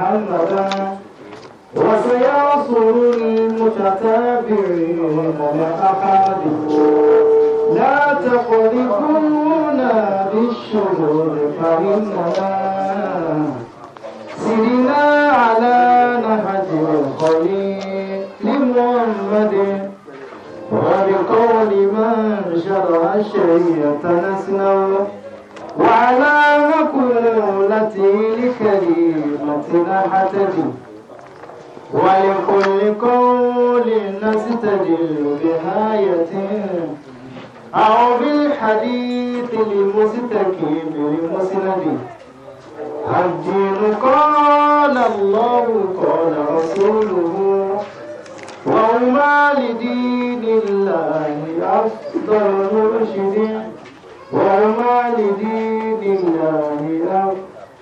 محمدا وسيعصر المتتابعين والأحاديث لا تقذفونا بالشرور فإننا سرنا على نهج الخليل لمحمد وبقول من شرع الشريعة نسنا وعلى مقولته الكريمة نحتج ولكل قول نستدل بآية أو بالحديث لمستكيم المسند الدين قال الله قال رسوله وهما لدين الله أفضل مرشد وهما لدين الله أفضل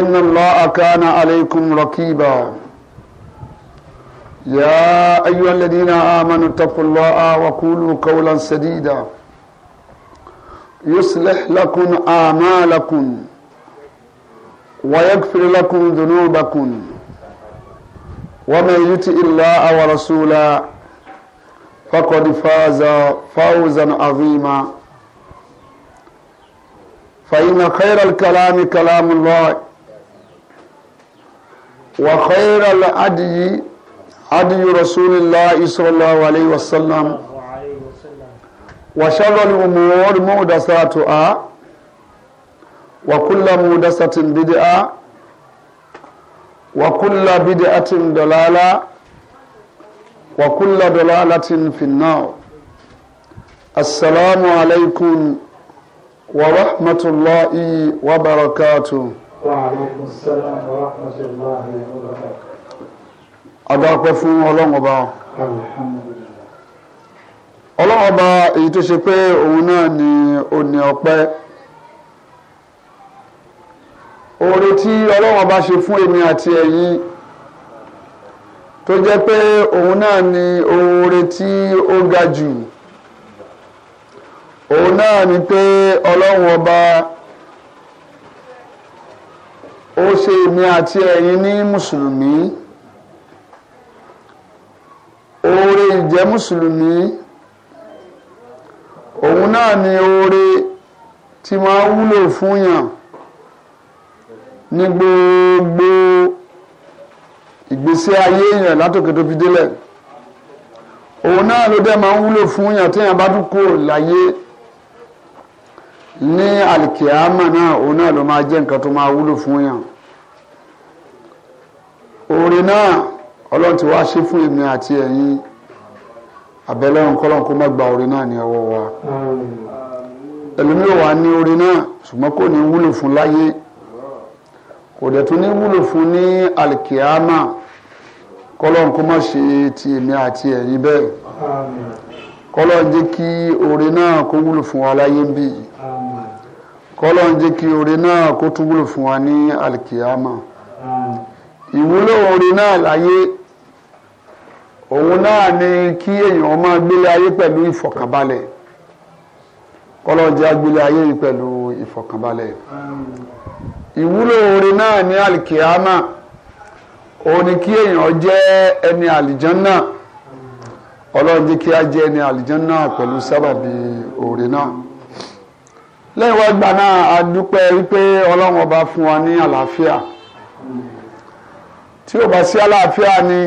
إن الله كان عليكم رقيبا يا أيها الذين آمنوا اتقوا الله وقولوا قولا سديدا يصلح لكم أعمالكم ويغفر لكم ذنوبكم ومن يطع الله ورسوله فقد فاز فوزا عظيما فإن خير الكلام كلام الله وخير الهدي هدي رسول الله صلى الله عليه وسلم وشر الأمور محدثاتها وكل محدثة بدعة وكل بدعة ضلالة وكل ضلالة في النار السلام عليكم ورحمة الله وبركاته وعليكم السلام ورحمة الله وبركاته adáwọ̀pẹ́ fún ọlọ́run ọba ọlọ́run ọba èyí tó ṣe pé òun náà ni ó ní ọpẹ́ oore tí ọlọ́run ọba ṣe fún èmi àti ẹ̀yin tó jẹ́ pé òun náà ni oore tí ó ga jù òun náà ni pé ọlọ́run ó ṣe èmi àti ẹ̀yin ní mùsùlùmí oore ìjẹ́ mùsùlùmí òun náà ni oore tí máa wúlò fún yàn ní gbogbo ìgbésí ayé yàn látòkè tó fi délẹ̀ òun náà ló dẹ́ máa ń wúlò fún téèyàn bá dúkò láyé ní alikiyama náà òun náà ló máa jẹ́ nǹkan tó máa wúlò fún yàn orin náà ọlọ́run ti wá ṣe fún èmi àti ẹ̀yin àbẹ̀lẹ́run kọ́lọ́n kó má gba orin náà ní ọwọ́ wa ẹlòmíì wà ní orin náà ṣùgbọ́n kò ní wúlò fún láyé kò dẹ̀ tún ní wúlò fún ní alikiyama kọ́lọ́n kó má ṣe ti èmi àti ẹ̀yin bẹ́ẹ̀ kọ́lọ́n jẹ́ kí orin náà kó wúlò fún wa láyé bíi. kọ́lọ́n jẹ́ kí oore náà kó fún wa ní alikiyama ìwúlò oore náà láyé òun náà ni kí èèyàn máa gbélé ayé pẹ̀lú ìfọ̀kànbalẹ̀ kọ́lọ́n jẹ́ agbélé ayé pẹ̀lú ìfọ̀kànbalẹ̀ ìwúlò náà ní alikiyama òun ni kí èèyàn jẹ́ ẹni àlìjánná ọlọ́run jẹ́ kí a jẹ́ ẹni àlìjánná lẹ́yìn gbà náà a dúpẹ́ wípé ọlọ́run ọba fún wa ní àlàáfíà tí ò bá sí àlàáfíà ni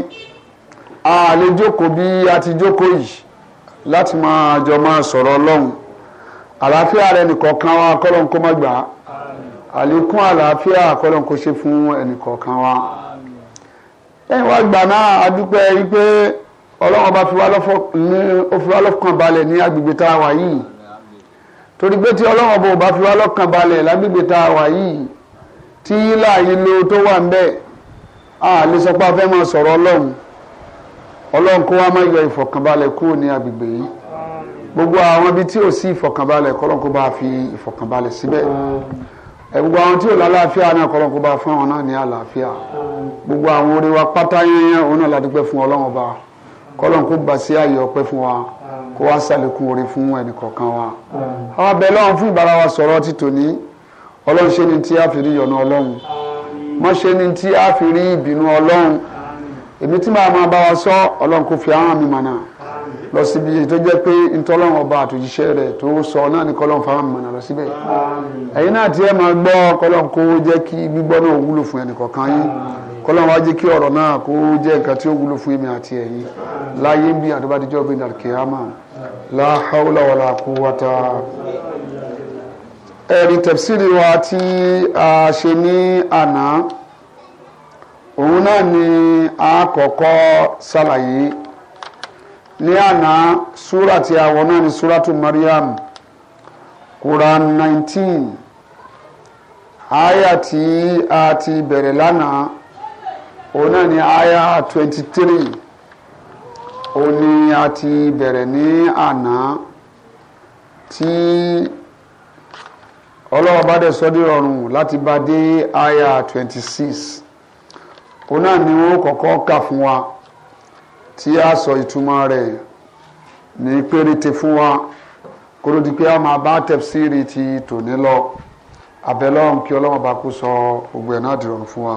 a lè jókòó bí a ti jókòó yìí láti máa jọ máa sọ̀rọ̀ ọlọ́run àlàáfíà rẹ nìkọ̀ọ̀kan wa kọ́lọ́n kó má gbà á àlékún àlàáfíà kọ́lọ́n kó ṣe fún ẹnìkọ̀ọ̀kan wa lẹ́yìn wá gbà náà a dúpẹ́ wípé ọlọ́run ọba fi wá lọ́kàn balẹ̀ ní agbègbè tá a wà yìí torí pé tí ọlọ́run ọba ò bá fi wá lọ́kàn balẹ̀ lágbègbè tá a wà yìí tí láàyè lo tó wà ń bẹ́ẹ̀ a lè sọ pé a fẹ́ máa sọ̀rọ̀ ọlọ́run ọlọ́run kó wá má yọ ìfọ̀kànbalẹ̀ kúrò ní agbègbè yìí gbogbo àwọn ibi tí ò sí ìfọ̀kànbalẹ̀ kọ́lọ́n kó bá fi ìfọ̀kànbalẹ̀ síbẹ̀ gbogbo àwọn tí ò lálàáfíà náà kọ́lọ́n kó bá fún àwọn náà ní àlàáfíà gbogbo àwọn orí pátá yẹn òun náà la fún ọlọ́run ọba kọ́lọ́n kó gbà sí àyè ọpẹ́ fún wa. kó wá sàlékún oore fún ẹnì kọ̀ọ̀kan wa. àwọn abẹ lọ́run fún ìbára wa sọ̀rọ̀ ti tòní ọlọ́run ṣe ni tí a fi rí ìyọ̀nà ọlọ́run mọ́ ṣe ni tí a fi rí ìbínú ọlọ́run èmi tí màá máa bá wa sọ ọlọ́run kò fi mọ̀nà lọ síbi èyí tó jẹ́ pé ntọ́lọ́run ọba àtòjíṣẹ́ rẹ̀ tó sọ náà ni kọ́lọ́run fara mọ̀nà lọ síbẹ̀ ẹ̀yin náà tiẹ̀ máa gbọ́ kọ́lọ́run kó jẹ́ kí gbígbọ́ náà wúlò fún ẹnì kọ̀ọ̀kan yín kọ́lọ́run wá jẹ́ kí ọ̀rọ̀ náà kó jẹ́ la hawla wala quwwata ẹ̀rí tafsiri wa tí a ṣe ní àná òun náà ni a kọ́kọ́ ṣàlàyé ní àná súrà tí a wọ̀ náà ni súràtù Maryam Quran 19 aya tí a ti bẹ̀rẹ̀ lánàá òun náà ni aya 23 ó ní a ti bẹ̀rẹ̀ ní àná tí ọlọ́wọ́ bá dẹ̀ sọ́dí rọrùn láti bá dé aya twenty six òun náà ni wọ́n kọ́kọ́ kà fún wa tí a sọ ìtumọ̀ rẹ̀ ní péréte fún wa kó ló di pé a máa bá tẹ̀síìrì ti tòní lọ abẹ́lọ́run kí ọlọ́wọ́ bá kó sọ gbogbo ẹ̀ náà dìrọ̀rùn fún wa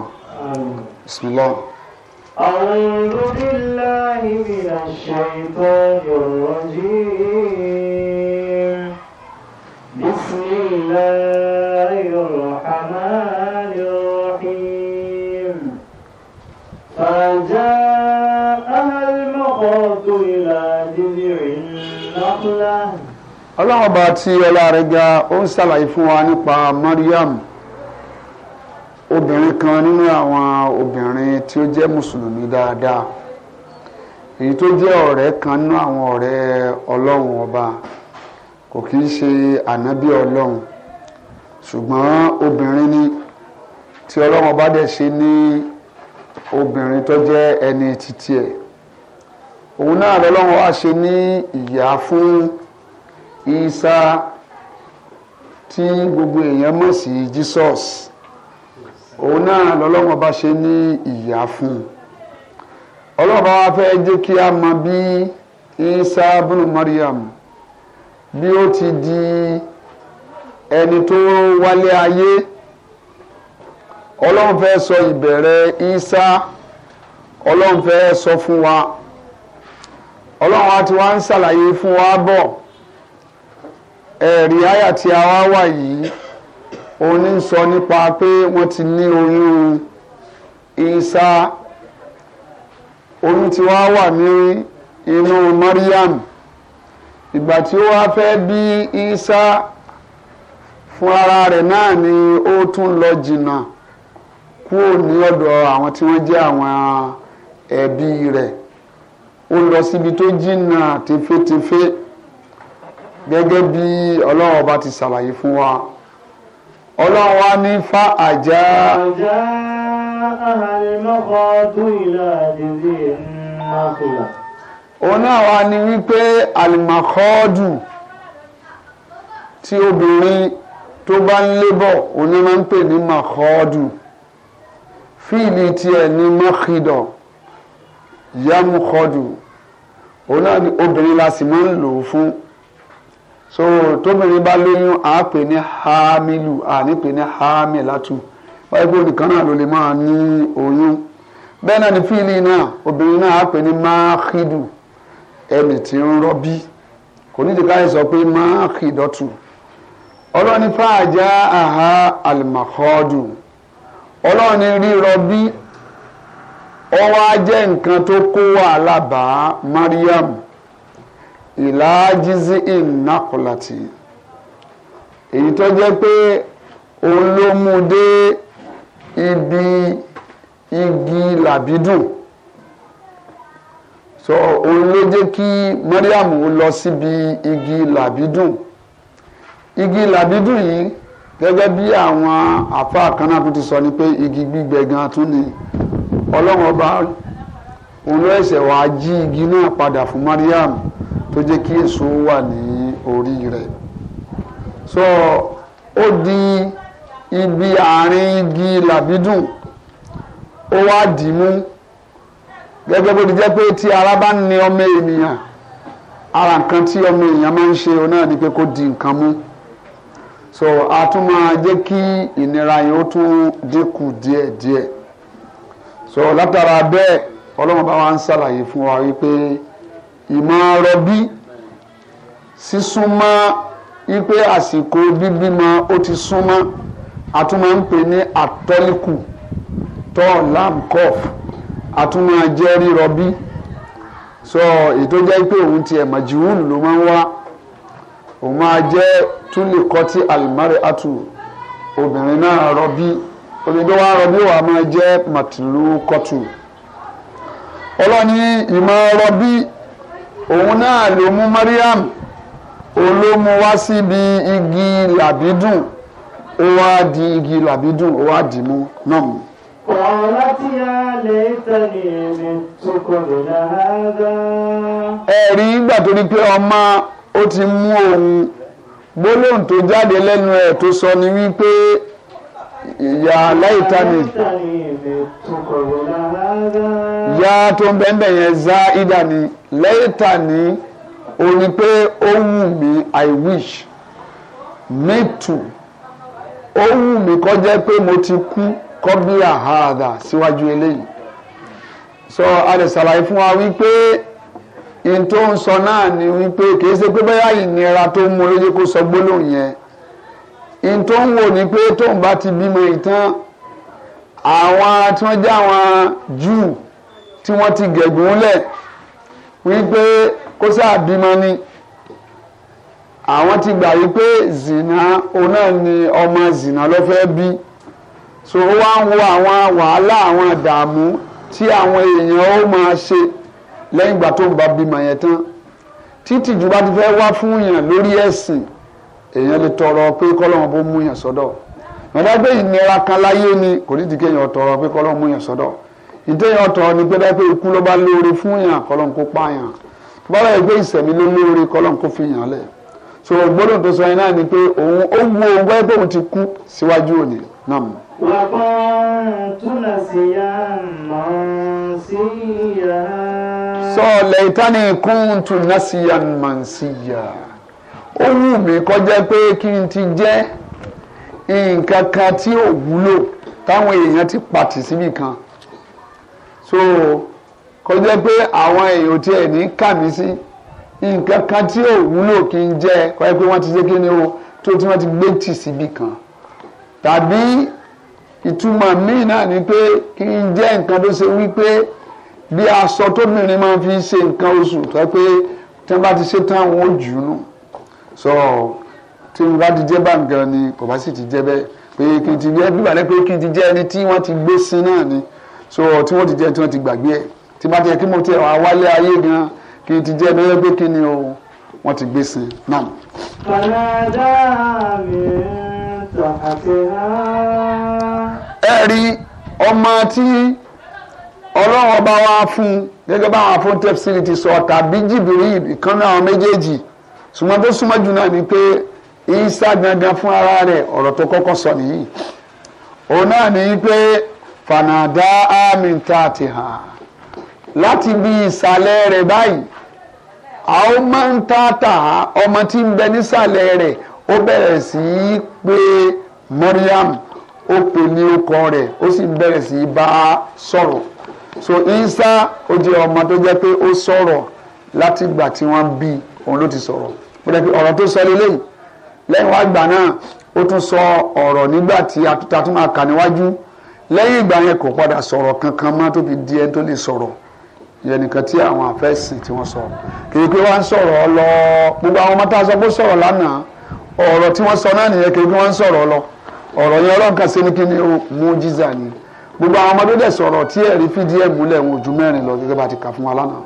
bisimilahi. أعوذ بالله من الشيطان الرجيم بسم الله الرحمن الرحيم فجاء المخاض إلى جذع النخلة الله باتي ولا ọlá rẹ̀ ga ó ń obìnrin kan nínú àwọn obìnrin tí ó jẹ́ mùsùlùmí dáadáa èyí tó jẹ́ ọ̀rẹ́ kan nínú àwọn ọ̀rẹ́ ọlọ́run ọba kò kí ń ṣe ànábì ọlọ́run ṣùgbọ́n obìnrin ni tí ọlọ́run ọba dẹ̀ ṣe ní obìnrin tó jẹ́ ẹni títí ẹ̀ òun náà lọ́lọ́run wá ṣe ní ìyá fún Isa tí gbogbo èèyàn mọ̀ sí Jesus òun náà lọ́lọ́wọ́n bá ṣe ní ìyá fún un fẹ́ jẹ́ kí Mariam bí ó di ẹni tó wálé ayé ọlọ́run fẹ́ sọ ìbẹ̀rẹ̀ Isa ọlọ́run fẹ́ sọ fún wa ọlọ́run wa ti wá ń ṣàlàyé fún wa bọ̀ ẹ̀rí àyà tí a wá wà yìí. òun sọ nípa pé wọ́n ti ní oyún isa oyún ti wá wà ní inú Mariam ìgbà tí ó wá fẹ́ bí isa fún ara rẹ̀ náà ni ó tún lọ jìnnà kúrò ní ọ̀dọ̀ àwọn tí wọ́n jẹ́ àwọn re rẹ̀ ó lọ síbi tó jina tẹfẹ́tẹfẹ́ gẹ́gẹ́ bí bi ọba ti ṣàlàyé fún wa. ọlọ́run wa ní fa àjà. àjà àhàlímọ́kọ́ tó ìlà àdìrí nàkùlà. òun náà wá ní wípé àlìmọ́kọ́ọ́dù tí obìnrin tó bá ń lébọ̀ òun ni máa ń pè ní mọ́kọ́ọ́dù fíìlì tiẹ̀ ní mọ́kìdọ̀ yámúkọ́dù òun náà ni obìnrin la sì máa ń lò ó fún so tóbìnrin bá lóyún à á pè ní hamilu à ní pè ní hamilatu wáyé pé onìkan náà ló lè máa ní oyún bẹ́ẹ̀ náà ní fíìlì náà obìnrin náà á pè ní máàkìdù ẹni tí ń rọ́bí kò ní ti káyọ̀ sọ pé máàkìdọ̀tù ọlọ́ni fàájà àhá àlùmọ̀kọ́dù ọlọ́ni rírọbí ọwọ́ á jẹ́ nǹkan tó kó wàhálà bá Mariam ìlàájísí ìnákùlàtì èyí tó jẹ́ pé òun ló mú dé ibi igi làbídùn so òun ló jẹ́ kí Mariam lọ síbi igi làbídùn igi làbídùn yìí gẹ́gẹ́ bí àwọn àfa kanáà tún ti sọ ni pé igi gbígbẹ gan tún ni ọlọ́run ọba òun ló ẹ̀sẹ̀ wàá jí igi náà padà fún Mariam tó jẹ́ kí èso wà ní orí rẹ̀ so ó di ibi àárín igi làbídùn ó wá dì í mú gẹ́gẹ́ bó ti jẹ́ pé tí ara bá ní ọmọ ènìyàn ara nǹkan tí ọmọ èèyàn máa ń ṣe náà ni pé kó di nǹkan mú so a tún máa jẹ́ kí ìnira yẹn ó tún dínkù díẹ̀díẹ̀ so látara bẹ́ẹ̀ ọlọ́run bá wa ń ṣàlàyé fún wa wípé ìmọ̀ rọbí sísúnmọ́ wípé àsìkò bíbímọ ó ti súnmọ́ a tún máa ń pè ní àtọ́líkù tọ́ lamcof a tún máa jẹ́ rírọbí sọ ètò jẹ́ pé òun tiẹ̀ màjìwúlù ló máa ń wá òun máa jẹ́ túlìkọ́tì alimari atu obìnrin náà rọbí olùdó wa rọbí wa máa jẹ́ màtìlú kọ́tù ọlọ́ni ìmọ̀ rọbí. òun náà ló mú Mariam òun ló wá síbi igi làbídùn ó wá di igi làbídùn ó wá dì mú náà mú. Kọ̀ọ̀láti alẹ́ tẹ̀lé mi tó kọ̀dọ̀ dáadáa. Ẹ̀rí gbà tó ní pé ọmọ ó ti mú òun gbólóhùn tó jáde lẹ́nu ẹ̀ tó sọ ni wípé ìyá aláìta ni. Kọ̀ọ̀láti alẹ́ tẹ̀lé mi tó kọ̀dọ̀ dáadáa. yá tó ń bẹ́ẹ̀ yẹn zá ìdá ni lẹ́yìntà ni ó ní pé ó wù mí i wish me too ó wù mí kó jẹ́ pé mo ti kú kọ́bíà hàdà síwájú eléyìí sọ a lè ṣàlàyé fún wa wípé n tó ń sọ náà ni wípé kìí ṣe pé bóyá ìnira tó mú lóye kó sọ gbólóhùn yẹn n tó ń wò ní pé tóun bá ti bímọ ìtàn àwọn tí wọ́n jẹ́ àwọn Júù tí wọ́n ti gẹ̀gùn lẹ̀ wípé kó sáà bímọ ni àwọn ti gbà wípé zina òun náà ni ọmọ zina ló fẹ́ bí so ó wá ń wo àwọn wàhálà àwọn ìdààmú tí àwọn èèyàn ó máa ṣe lẹ́yìn ìgbà tó ń bá bímọ yẹn tán títí jù bá ti fẹ́ wá fún yàn lórí ẹ̀sìn èèyàn lè tọrọ pé kọ́lọ́run bó mú yàn sọ́dọ̀ mọ̀dágbé ìnira kan láyé ni kò ní dìgẹ́ yàn tọrọ pé kọ́lọ́run mú yàn sọ́dọ̀ ìtẹ̀yìn ọ̀tọ̀ ni pé dápẹ́ ikú ló bá lóore fún yàn kọ́lọ́n kó pààyàn tó bá rẹ̀ gbé ìsẹ̀mí ló lóore kọ́lọ́n kó fi yàn lẹ̀ so gbọ́dọ̀ tó sọ yẹn náà ni pé òun ó wu òun bẹ́ẹ̀ bóun ti kú síwájú òní náà. wàkàn túnà sí yá mọ́ sí yá. sọ lẹ́tàn kún túnà sí yá mọ́ sí yá ó wù mí kọjá pé kí n ti jẹ́ nǹkan kan tí ò wúlò táwọn èèyàn ti pàtì síbì kan so kó jẹ́ pé àwọn èèyàn tí ẹ̀ ní kà sí nǹkan kan tí ò wúlò kí n jẹ kó pé wọ́n ti ṣe kí ni o tó tí wọ́n ti gbé tì síbi kan tàbí ìtumọ̀ míì náà ni pé kí n jẹ́ nǹkan tó ṣe wípé bí aṣọ tóbìnrin máa fi ṣe nǹkan oṣù tó pé tí wọ́n bá ti ṣe tán wọn ò jù nù sọ tí wọ́n bá ti jẹ́ báǹkan ni kò bá sì ti jẹ́ bẹ́ẹ̀ pé kí n ti jẹ́ bí pé kí n ti jẹ́ ẹni tí wọ́n ti gbé sí náà ni so tí wọ́n ti jẹ́ tí wọ́n ti gbàgbé ẹ̀ tí bá ti yẹ kí mo ti àwọn awálé ayé gan kí n ti jẹ́ ẹni lẹ́gbẹ́ kí ni o wọ́n ti gbé sin náà. fàlàdà mi tọ̀ àti rárá. ẹ rí ọmọ tí ọlọ́run ọba wa fún gẹ́gẹ́ bá àwọn fún tẹ́psìlì ti sọ tàbí jìbìrì ìkan náà méjèèjì ṣùgbọ́n tó súnmọ́ jù náà ni pé ìsá gangan fún ara rẹ̀ ọ̀rọ̀ tó kọ́kọ́ sọ nìyí òun náà ní pé fanada amin tààtì ha láti bí ìsàlẹ̀ rẹ̀ báyìí àwọn máa ń ọmọ tí ń bẹ nísàlẹ̀ rẹ̀ ó bẹ̀rẹ̀ sí í pé Mariam ó pè ní ọkọ rẹ̀ ó sì bẹ̀rẹ̀ sí í bá a sọ̀rọ̀ so Isa ó jẹ́ ọmọ tó jẹ́ pé ó sọ̀rọ̀ láti ìgbà tí wọ́n bí òun ló ti sọ̀rọ̀ pẹ̀lú ọ̀rọ̀ tó sọ lélẹ́yìn lẹ́yìn wá gbà náà ó sọ ọ̀rọ̀ nígbà tí a tún máa lẹ́yìn ìgbà yẹn kò padà sọ̀rọ̀ kankan má tó fi di ẹni tó lè sọ̀rọ̀ yẹn nìkan tí àwọn àfẹ́sìn tí wọ́n sọ kìí pé wọ́n ń sọ̀rọ̀ lọ gbogbo àwọn ọmọ tá a sọ pé sọ̀rọ̀ lánàá ọ̀rọ̀ tí wọ́n sọ náà nìyẹn kìí pé wọ́n ń sọ̀rọ̀ lọ ọ̀rọ̀ yẹn ọlọ́run kan ṣe kí ni ó mú jíza ni gbogbo àwọn ọmọdé dẹ̀ sọ̀rọ̀ tí ẹ̀rí fìdí ẹ̀ múlẹ̀ wọn ojú mẹ́rin lọ gẹ́gẹ́ bá ti kà fún wa lánàá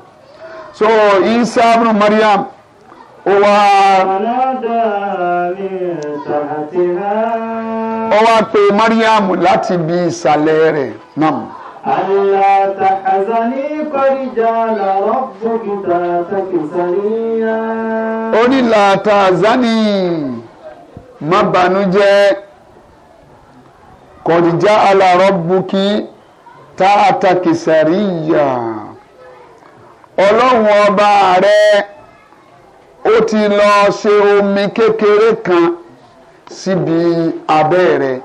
so Isa ibn Maryam ó wá. ọ̀nà dáa ó wá pe Mariam láti bi ìsàlẹ̀ rẹ̀ náà. Àlá tàhàzà ní kọ́ríjà làrọ́ bókítà tàkìsàníyà. Ó ní làtàzà ní má bànújẹ́ kọ̀díjà alàrọ̀ bukí tá a ta kìsàríyà ọlọ́run ọba rẹ̀ ó ti lọ ṣe omi kékeré kan síbi abẹ́ rẹ̀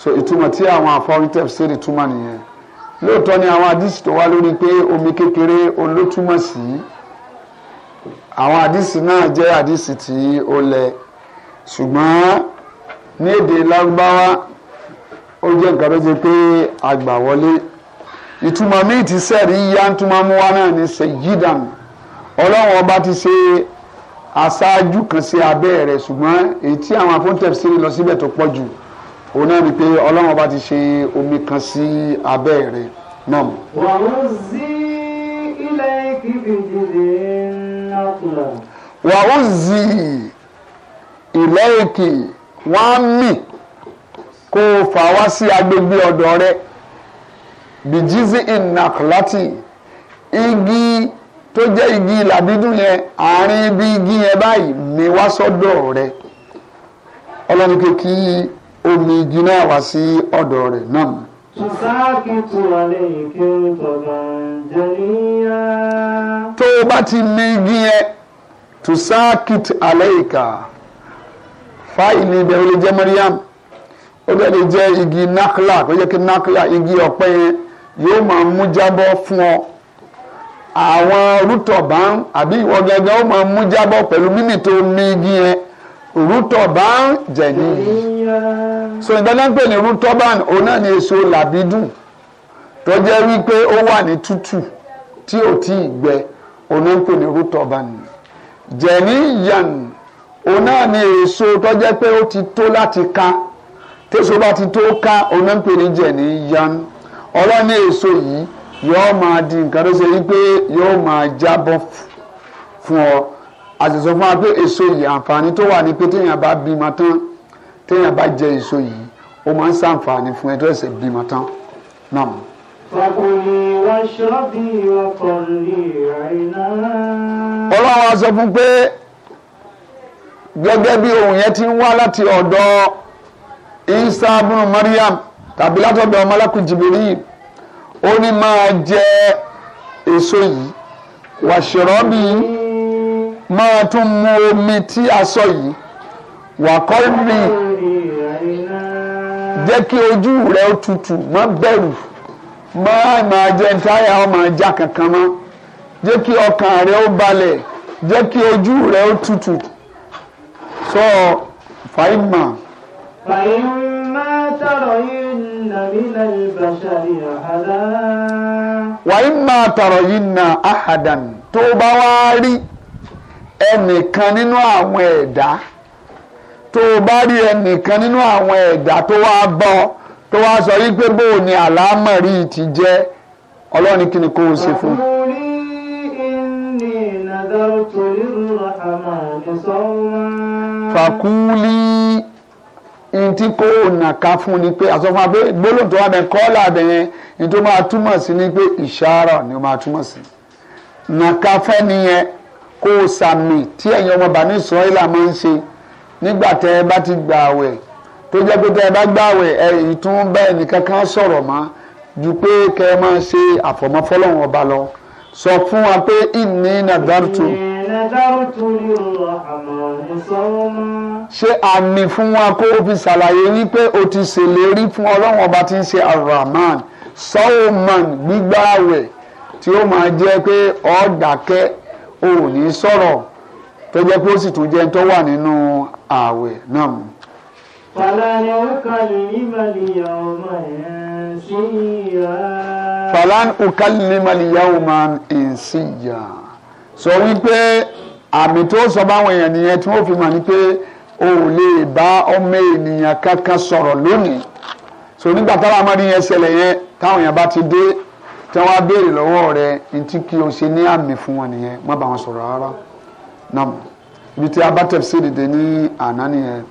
so ìtumọ̀ tí àwọn àfọwọ́n tẹ̀síìrì túmọ̀ nìyẹn lóòótọ́ ni àwọn àdìsí tó wá lórí pé omi kékeré olótúmọ̀ sí àwọn àdìsí náà jẹ́ àdìsí tí ó lẹ̀ ṣùgbọ́n ní èdè lárúbáwá ó jẹ́ nǹkan tó jẹ́ pé àgbà wọlé ìtumọ̀ míì ti sẹ́ẹ̀rí yá ń túmọ̀ mú wa náà ní ṣèyídàn ọlọ́run ọba ti ṣe aṣáájú kan sí abẹ́ rẹ̀ ṣùgbọ́n èyí tí àwọn afọ́ntẹ́fì sí lọ síbẹ̀ tó pọ̀ jù òun náà ni pé ọlọ́run ọba ti ṣe omi kan sí abẹ́ rẹ̀ náà. wàhùzí ilẹ̀ ìkìbìjìlè náà kùnà. wàhùzí ilẹ̀ ìkì wọ́n á mì kó o fà wá sí agbègbè ọ̀dọ̀ rẹ̀ bìjìzì ìnàkùlátì igi. tó jẹ́ igi làbídùn yẹn àárín ibi igi yẹn báyìí mi wá sọ́dọ̀ rẹ̀ ọlọ́run kò kí omi igi náà wá sí ọ̀dọ̀ rẹ̀ náà. Sùsáàkìtù àlejò tọ̀gànjẹ̀ríyá. Tó o bá ti mi igi yẹn, tùsáàkìtù àlẹ́yìká. Fáìlì ibẹ̀ lè jẹ́ Mariam. Ó igi nákìlá, kó jẹ́ igi ọ̀pẹ yẹn yóò máa mú jábọ́ fún ọ àwọn rútọ̀bá àbí ìwọ gangan ó máa mú jábọ̀ pẹ̀lú mímì tó mí igi yẹn rútọ̀bá jẹ̀yìn so ìdájọ́ ń pè ní rútọ̀bá òun náà ni èso làbídùn tó jẹ́ wípé ó wà ní tútù tí ò tí ì gbẹ òun náà ń pè ní rútọ̀bá jẹ̀yìn yàn òun náà ni èso tó jẹ́ pé ó ti tó láti ká tẹ́sọ̀ bá ti tó ká òun náà ń pè ní jẹ̀yìn yàn ọlọ́ni èso yìí yóò máa di nǹkan tó ṣe wípé yóò máa jábọ́ fún ọ àṣìṣọ fún wa pé èso yìí àǹfààní tó wà ní pé téèyàn bá bímọ tán téèyàn bá jẹ èso yìí ó máa ń ṣàǹfààní fún ẹ tó ẹsẹ̀ bímọ tán náà. Fàkùnrin wá ṣọ́bí ọkọ̀ ní àìná. Ọlọ́run á sọ fún pé gẹ́gẹ́ bí ohun yẹn ti ń wá láti ọ̀dọ̀ Isa bin Mariam tàbí látọ̀dọ̀ ọmọlákùn ó ní máa jẹ èso yìí wàṣẹ̀rọ́bì máa tún mu omi tí a sọ yìí wàkọ́rì jẹ́ kí ojú rẹ̀ ó tutù má bẹ̀rù má máa jẹ táyà ó máa já kankan mọ́ jẹ́ kí ọkàn rẹ̀ ó balẹ̀ jẹ́ kí ojú rẹ̀ ó tutù sọ fàìmà. fàìmà. ما ترين من البشر أحدا وإما ترين أحدا tó bá wá rí ẹnìkan nínú àwọn ẹ̀dá tó bá rí ẹnìkan nínú àwọn ẹ̀dá tó wá bọ́ tó wá sọ wípé bó o ní àlámọ̀rí ti jẹ́ ọlọ́run kí ni kó o ṣe fún. fàkúlì ntí kó nàka fún ni pé àsọfún abẹ gbólóhùn tó wà bẹ yẹn ní máa túmọ̀ sí ni pé ìṣàrà ni ó máa túmọ̀ sí nàka fẹ́ni yẹn kó o sàmì tí ẹ̀yin ọmọ bàní Ísírẹ́lì máa ń ṣe nígbà tẹ́ ẹ bá ti gbà àwẹ̀ tó jẹ́ pé tẹ́ ẹ bá gbà àwẹ̀ ẹ ìtún bẹ́ẹ̀ nìkan kan sọ̀rọ̀ mọ́ ju pé kẹ́ ẹ máa ṣe àfọ̀mọ́fọ́lọ́hún ọba lọ sọ fún wa pé ìní nàdàrútù ṣé àmì fún wa kó o fi ṣàlàyé wípé o ti ṣèlérí fún ọlọ́run ọba tí ń ṣe arahman sọ́ọ̀mọ̀n gbígbà àwẹ̀ tí ó máa jẹ́ pé ó dákẹ́ o ò ní sọ̀rọ̀ tó jẹ́ pé ó sì tún jẹ́ tó wà nínú ààwẹ̀ náà. Fàlàní òkàlì ìmàlìyà ọmọ ẹ̀ ń sí ìyá. Fàlàní òkàlì ìmàlìyà ọmọ ẹ̀ ń sí ìyá sọ wípé àmì tó sọ báwọn èèyàn nìyẹn tí wọ́n fi mọ̀ ni pé o ò lè bá ọmọ ènìyàn kankan sọ̀rọ̀ lónìí sọ nígbà táwọn amọ́ni yẹn ṣẹlẹ̀ yẹn táwọn èèyàn bá ti dé tí á béèrè lọ́wọ́ rẹ ntí kí o ṣe ní àmì fún wọn nìyẹn má bá wọn sọ̀rọ̀ rárá nam ibi tí a bá tẹ̀síìrì dé ní àná nìyẹn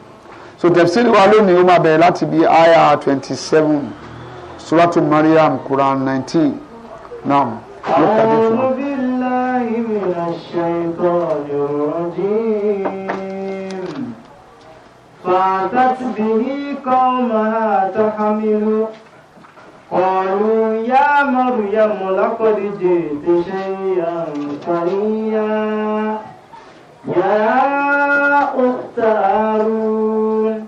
so tẹ̀síìrì wa lónìí ó máa bẹ̀rẹ̀ láti bí aya twenty seven suratu Maryam Quran nineteen nam ló بالله من الشيطان الرجيم فأتت به قومها تحمل قالوا يا مريم لقد جئت شيئا فريا يا أخت هارون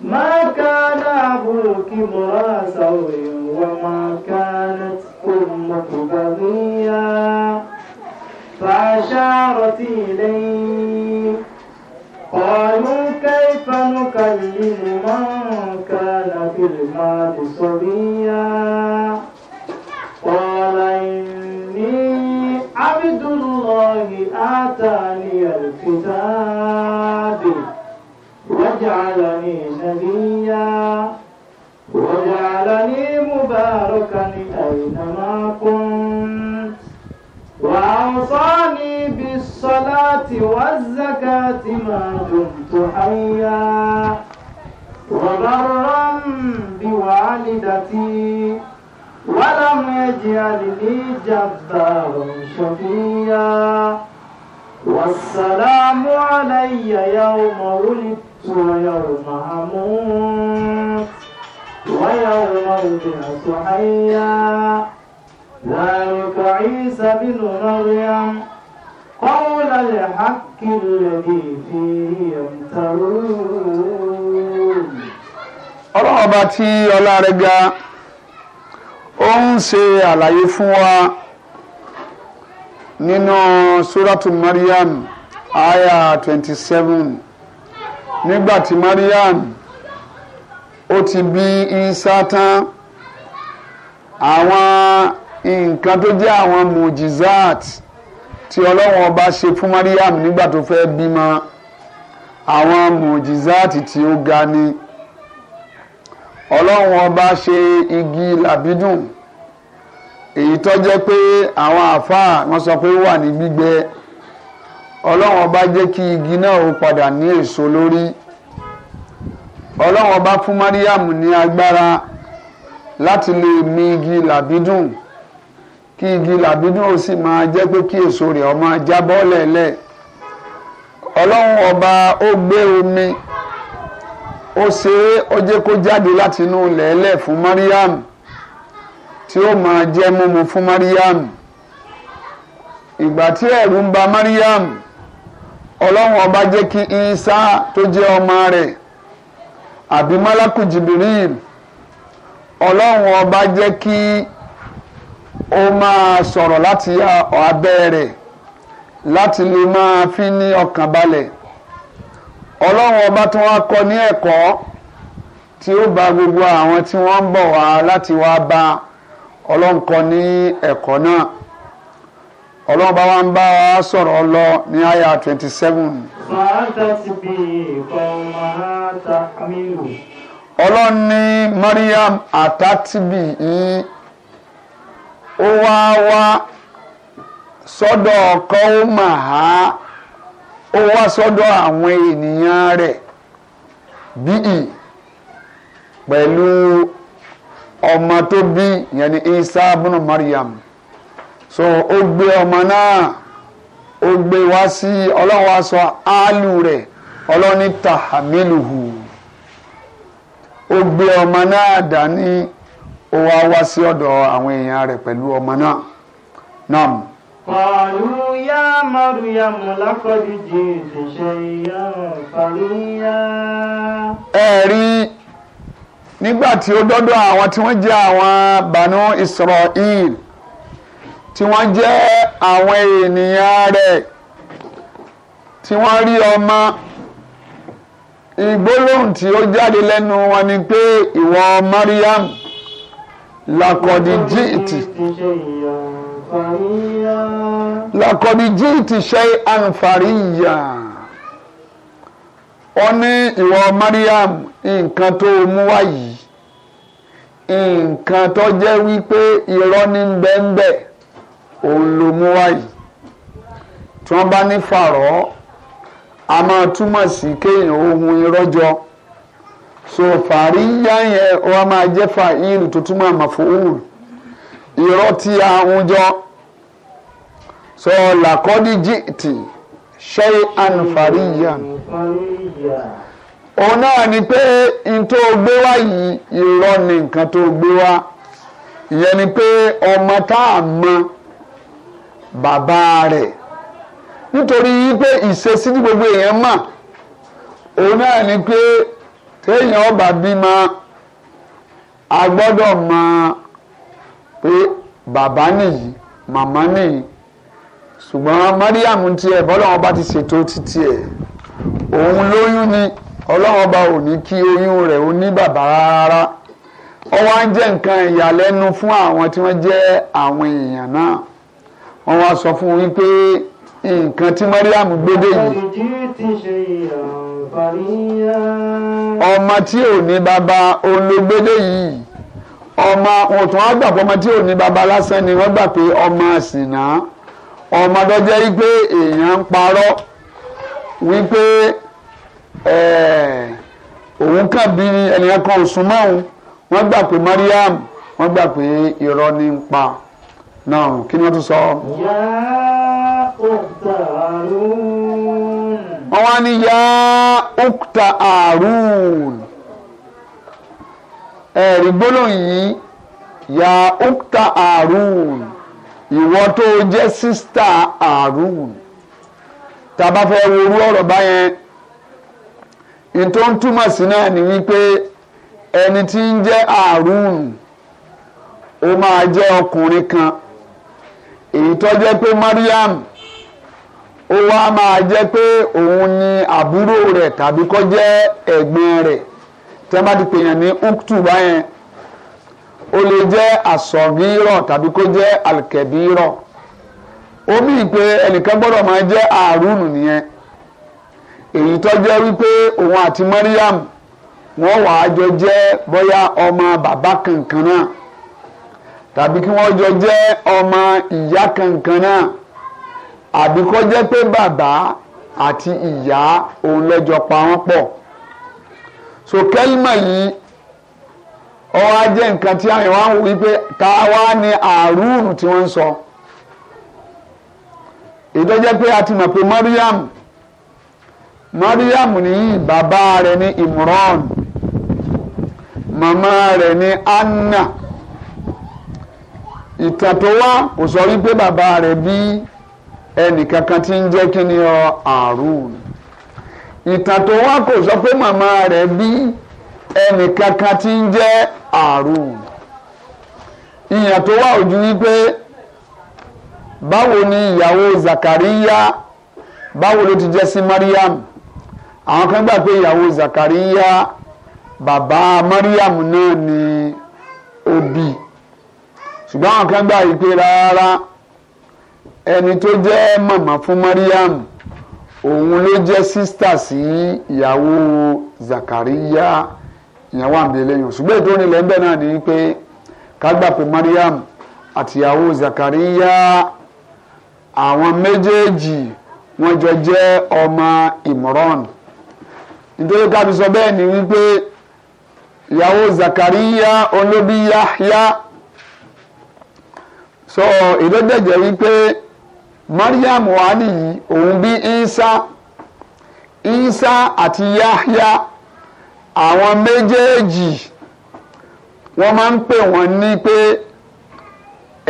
ما كان أبوك امرأ سوء وما كانت أمك بغيا فأشارت إليه قالوا كيف نكلم من كان في الماء صبيا قال إني عبد الله آتاني الكتاب وجعلني نبيا وجعلني مباركا أينما كنت الصلاة والزكاة ما دمت حيا وبرا بوالدتي ولم يجعل لي جبارا شقيا والسلام علي يوم ولدت ويوم هموت ويوم ابعث حيا ذلك عيسى بن مريم قول الحق الذي فيه يمترون ọlọ́run ọba tí ọlá ó ń ṣe àlàyé fún wa nínú suratu Maryam aya twenty seven nígbà tí Maryam ó ti bí Isa tán àwọn nǹkan tó jẹ́ àwọn mujizat tí ọlọ́run ọba ṣe fún Mariam nígbà tó fẹ́ bímọ àwọn mùjízáàtì tí ó ga ni ọlọ́run ọba ṣe igi làbídùn èyí tó jẹ́ pé àwọn àáfàá wọ́n sọ pé ó wà ní gbígbẹ ọlọ́run ọba jẹ́ kí igi náà ó padà ní èso lórí ọlọ́run ọba fún Mariam ní agbára láti lè mì igi làbídùn kí igi làbínú ó sì máa jẹ́ pé kí èso rẹ̀ ó máa jábọ́ ọlọ́run ọba ó gbé omi ó ṣe é ó jẹ́ kó jáde láti inú lẹ̀lẹ̀ fún Mariam tí ó máa jẹ́ mumu fún Mariam ìgbà tí ẹ̀rù ń ba Mariam ọlọ́run ọba jẹ́ kí Isa tó jẹ́ ọmọ rẹ̀ àbí malaku ọlọ́run ọba jẹ́ kí ó máa sọ̀rọ̀ láti abẹ́ rẹ̀ láti lè máa fi ní ọkàn balẹ̀ ọlọ́run ọba tí wọ́n kọ́ ní ẹ̀kọ́ tí ó ba gbogbo àwọn tí wọ́n ń bọ̀ wá láti wá bá ọlọ́run kọ́ ní ẹ̀kọ́ náà ọlọ́run bá wa ń bá wa sọ̀rọ̀ lọ ní àyà twenty seven. ọlọ́run ní Mariam àtàtìbì yìí. ó wá wá sọ́dọ̀ ọkọ̀ ó mà á ó wá sọ́dọ̀ àwọn ènìyàn rẹ̀ bíi pẹ̀lú ọmọ tó bí Isa Mariam so ó gbé ọmọ náà ó gbé wá sí ọlọ́run wá sọ áálù rẹ̀ ọlọ́ni tahamiluhu ó gbé ọmọ ó wá wá sí ọ̀dọ̀ àwọn èèyàn rẹ̀ pẹ̀lú ọmọ náà náà. قالوا يا مريم لقد جئت شيئا فريا ẹ̀rí nígbà tí ó dọ́dọ̀ àwọn tí wọ́n jẹ́ àwọn bànú Israel tí wọ́n jẹ́ àwọn ènìyàn rẹ̀ tí wọ́n rí ọmọ ìgbólóhùn tí ó jáde lẹ́nu wọn ni pé ìwọ Mariam. lakọ̀dì jíìtì lakọ̀dì jíìtì ṣe àǹfààríyà ó ní Mariam nǹkan tó mú wá yìí nǹkan tó jẹ́ wípé irọ́ ní bẹ́ńbẹ́ òun ló mú tí wọ́n bá ní fàrọ́ a máa túmọ̀ sí kéèyàn ohun irọ́ jọ. so fàríyá yẹn wọ́n máa jẹ́ fàáyìn tuntun máa mà fún òun irọ́ tí àwùjọ so làkọ́dí jìtì ṣẹ́yí àn fàríyá òun náà ni pé n tó gbé wá yìí irọ́ ni nǹkan tó gbé wá ìyẹn ni pé ọmọ tá a mọ bàbá rẹ̀ nítorí pé ìṣesí gbogbo èèyàn mọ̀ òun ni pé téèyàn ọba bímọ a gbọ́dọ̀ mọ pé bàbá nìyí màmá nìyí ṣùgbọ́n Mariam tiẹ̀ bọ́lọ́wọ́n bá ti ṣètò títí ẹ̀ òun lóyún ni ọlọ́wọ́n bá ò ní kí oyún rẹ̀ ó ní bàbá rárá ó wá ń jẹ́ nǹkan ìyàlẹ́nu fún àwọn tí wọ́n jẹ́ àwọn èèyàn náà wọ́n wá sọ fún wípé nǹkan tí Mariam gbédè yìí ọmọ tí ò ní bàbá ológbédè yìí ọmọ wọn tún á gbà pé ọmọ tí ò ní bàbá lásán ni wọ́n gbà pé ọmọ àsìnà ọmọ tó jẹ́ wípé èèyàn ń parọ́ wípé òun kàn bí ẹnìkan kan ò súnmọ́ òun wọ́n gbà pé Mariam wọ́n gbà pé irọ́ ní ń pa náà kí ni wọ́n tún sọ wọ́n wá ní yá ukta arun ẹ̀rí gbólóhùn yìí yá ukta arun ìwọ tó jẹ́ sísítà arun tá a bá fẹ́ worú ọ̀rọ̀ báyẹn ìtò ń túmọ̀ sí náà ni wípé ẹni tí ń jẹ́ arun ó máa jẹ́ ọkùnrin kan èyí tó jẹ́ pé Mariam. ó wá máa jẹ́ pé òun ni àbúrò rẹ̀ tàbí kọ́ jẹ́ ẹ̀gbọ́n rẹ̀ tí wọ́n bá ti pèèyàn ní uktu báyẹn ó lè jẹ́ àsọ̀gírọ̀ tàbí kó jẹ́ alkẹ̀bírọ̀ ó bí pé ẹnìkan gbọ́dọ̀ máa jẹ́ àrùnù nìyẹn èyí tó jẹ́ wípé òun àti Mariam wọ́n wàá jọ jẹ́ bọ́yá ọmọ bàbá kankan náà tàbí kí wọ́n jọ jẹ́ ọmọ ìyá kankan náà àbí kó jẹ́ pé bàbá àti ìyá òun lọ́jọ́ pa pọ̀ so kẹ́límà yìí ọwọ́ á jẹ́ nǹkan tí àwọn ìwà ń wí pé ta wá ní àrùn tí wọ́n ń sọ ìdọ́jẹ́ pé a ti mọ̀ pé Mariam Mariam nìyí bàbá rẹ̀ ní Imran màmá rẹ̀ ní Anna ìtàn tó wá kò sọ wípé bàbá rẹ̀ bíi ẹnìkankan tí ń jẹ́ kí ni ọ àrùn ìtàn tó wá kò sọ pé màmá rẹ̀ bí ẹnìkankan tí ń jẹ́ àrùn ìyàn tó wá ojú wípé báwo ni ìyàwó Zakariya báwo ló ti jẹ́ sí Mariam àwọn kan gbà pé ìyàwó Zakariya bàbá Mariam náà ni ó ṣùgbọ́n àwọn kan gbà yìí pé rárá ẹni tó jẹ́ màmá fún Mariam òun ló jẹ́ sísítà sí ìyàwó Zakariya ìyàwó àmì eléyìn ṣùgbọ́n ètò orin lẹ́ńbẹ́ náà ni pé kágbà pé Mariam àtìyàwó Zakariya àwọn méjèèjì wọ́n jọ jẹ́ ọmọ Imran nítorí kábi sọ bẹ́ẹ̀ ni wípé ìyàwó Zakariya olóbi Yahya sọ ìdọ́jẹ̀jẹ̀ wípé. mariam wa nìyí òun bí isa isa àti yahya àwọn méjèèjì wọn máa ń pè wọn ní pé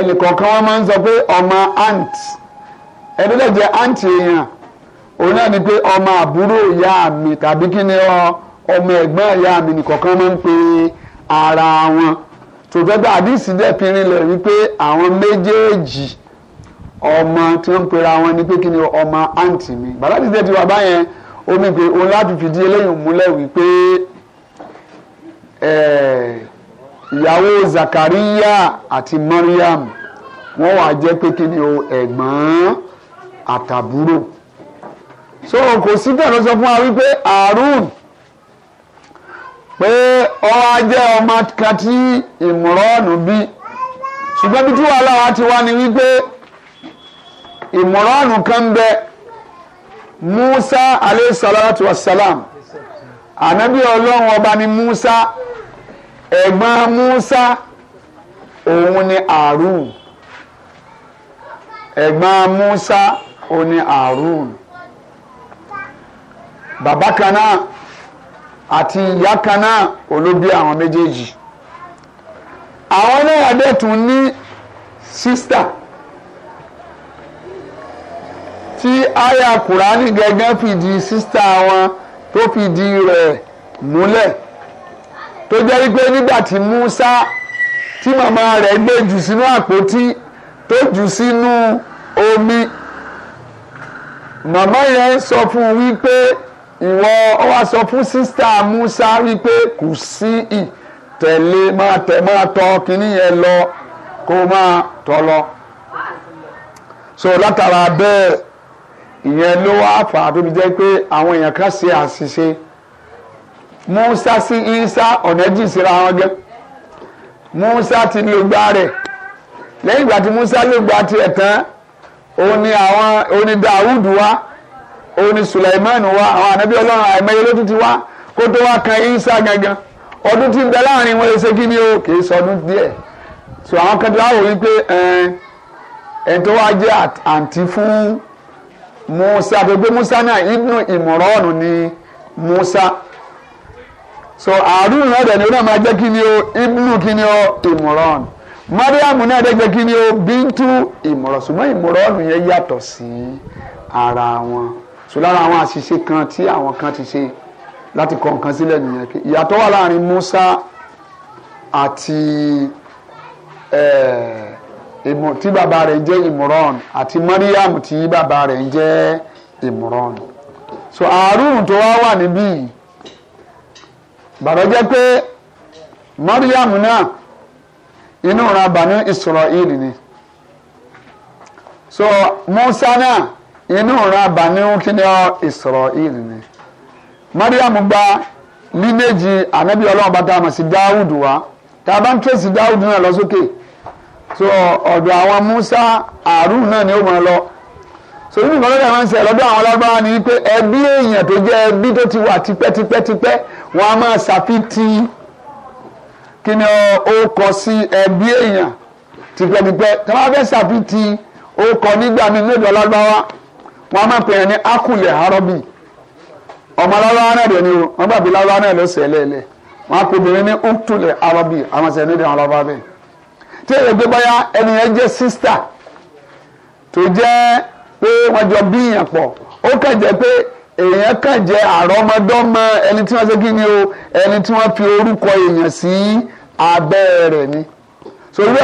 ẹnìkọ̀ọ̀kan wọ́n máa ń sọ pé ọmọ aunt ẹni aunt èèyàn òun ni pé ọmọ àbúrò ìyá mi tàbí kí ni ọmọ ẹ̀gbọ́n ìyá mi nìkọ̀ọ̀kan máa ń pè ara wọn tòótọ́ àdìsí dẹ̀ wípé àwọn ọmọ tí wọ́n ń pera wọn ní pé kí ni ọmọ àǹtí mi bàbá ti tẹ̀ ti wà báyẹn omi pé òun láti fìdí eléyìí múlẹ̀ wípé ìyàwó Zakariya àti Mariam wọ́n wàá jẹ́ pé kí ni o ẹ̀gbọ́n àtàbúrò so kò sí tẹ̀lé sọ fún wa wípé Harun pé ọwọ́ jẹ́ ọmọ kan tí ìmúrọ́ọ̀nù bí ṣùgbọ́n bí tí wàhálà wa ti wá ni wípé ìmọ̀ránù kan bẹ Musa alayhi salatu wa salam ànábì ọlọ́run ọba ni Musa ẹ̀gbọ́n Musa òun ni Harun ẹ̀gbọ́n Musa òun ni Harun bàbá kan náà àti ìyá kan náà olóbi àwọn méjèèjì àwọn náà ní sísítà tí aya kùránì gẹ́gẹ́ fìdí sísá wọn tó fìdí rẹ̀ múlẹ̀ tó jẹ́ wípé nígbà tí Musa tí màmá rẹ̀ gbé jù sínú àpótí tó jù sínú omi màmá yẹn sọ fún un wípé ìwọ ọ wá sọ fún sísá Musa wípé kù sí ì tẹ̀lé máa tẹ̀ máa tọ kínní yẹn lọ kó máa tọ lọ so látara bẹ́ẹ̀ ìyẹn ló wá fà á tó fi jẹ́ pé àwọn èèyàn kan ṣe àṣìṣe Musa sí Isa ọ̀nà jìn síra wọn gẹ́ Musa ti lo gba rẹ̀ lẹ́yìn ìgbà tí Musa ló gba tiẹ̀ tán òun ni àwọn òun ni Dawud wá òun ni Sulaiman wá àwọn ànábí ọlọ́run àìmọye ló ti wá kó tó wá kan Isa gangan ọdún tí ń bẹ láàrin wọn lè ṣe kí ni o kì í sọdún díẹ̀ so àwọn kan tó wá wò wípé ẹ̀ tó wá jẹ́ àǹtí fún musa gbogbo musa náà ibnu ìmọ̀rọ́ọ̀nù ni musa so àrùn náà dẹ̀ ni ó náà máa jẹ́ kí ni o ibnu kí ni o ìmọ̀rọ́ọ̀nù mariamu náà dẹ́gbẹ́ kí ni o bíntu ìmọ̀ràn ṣùgbọ́n ìmọ̀ràn yẹn yàtọ̀ sí ara wọn so lára àwọn àṣìṣe kan tí àwọn kan ti ṣe láti kọ nǹkan sílẹ̀ nìyẹn ìyàtọ̀ wà láàrin Musa àti ẹ̀ẹ́. Eh, tí bàbá rẹ̀ ń jẹ́ Imran àti Mariam tí bàbá rẹ̀ ń jẹ́ Imran so Harun tó wá wà níbí bàbá jẹ́ pé Mariam náà inú ra Banu Israel ni so Musa náà inú ra Banu kíni ọ Israel ni Mariam gba líléèjì ànábì ọlọ́run bá tá a mọ̀ sí Dáúdù wá tá a bá ń tẹ̀sí Dáúdù náà lọ sókè. Okay so ọ̀dọ̀ àwọn Musa Harun náà ni ó máa lọ so nínú ìkọ́lẹ́ náà máa ń ṣe lọ́dọ̀ àwọn lágbára ni pé ẹbí èèyàn tó jẹ́ ẹbí tó ti wà tipẹ́tipẹ́tipẹ́ wọn a máa ṣàfitì kí ni ó kọ sí ẹbí èèyàn tipẹ́tipẹ́ tí wọ́n bá fẹ́ ṣàfitì ó kọ nígbà mi nínú ìdọ̀ lágbára wọn a máa pè é ní akulẹ̀ arọ́bì ọmọ lágbára náà dẹ̀ ni wọn gbàgbé lágbára náà ló ṣẹlẹ̀ lẹ̀ wọn á pè obìnrin ní utulẹ̀ arọ́bì àwọn ṣẹlẹ̀ ní ìdọ̀ lágbára bẹ́ẹ̀ tí èyí gbé báyá ẹni yẹn jẹ́ sísítà tó jẹ́ pé wọ́n jọ bíyàn pọ̀ ó kàn jẹ́ pé èèyàn kàn jẹ́ àrọ́mọdọ́mọ ẹni tí wọ́n o ẹni tí wọ́n fi orúkọ èèyàn sí abẹ́ rẹ̀ ni so pé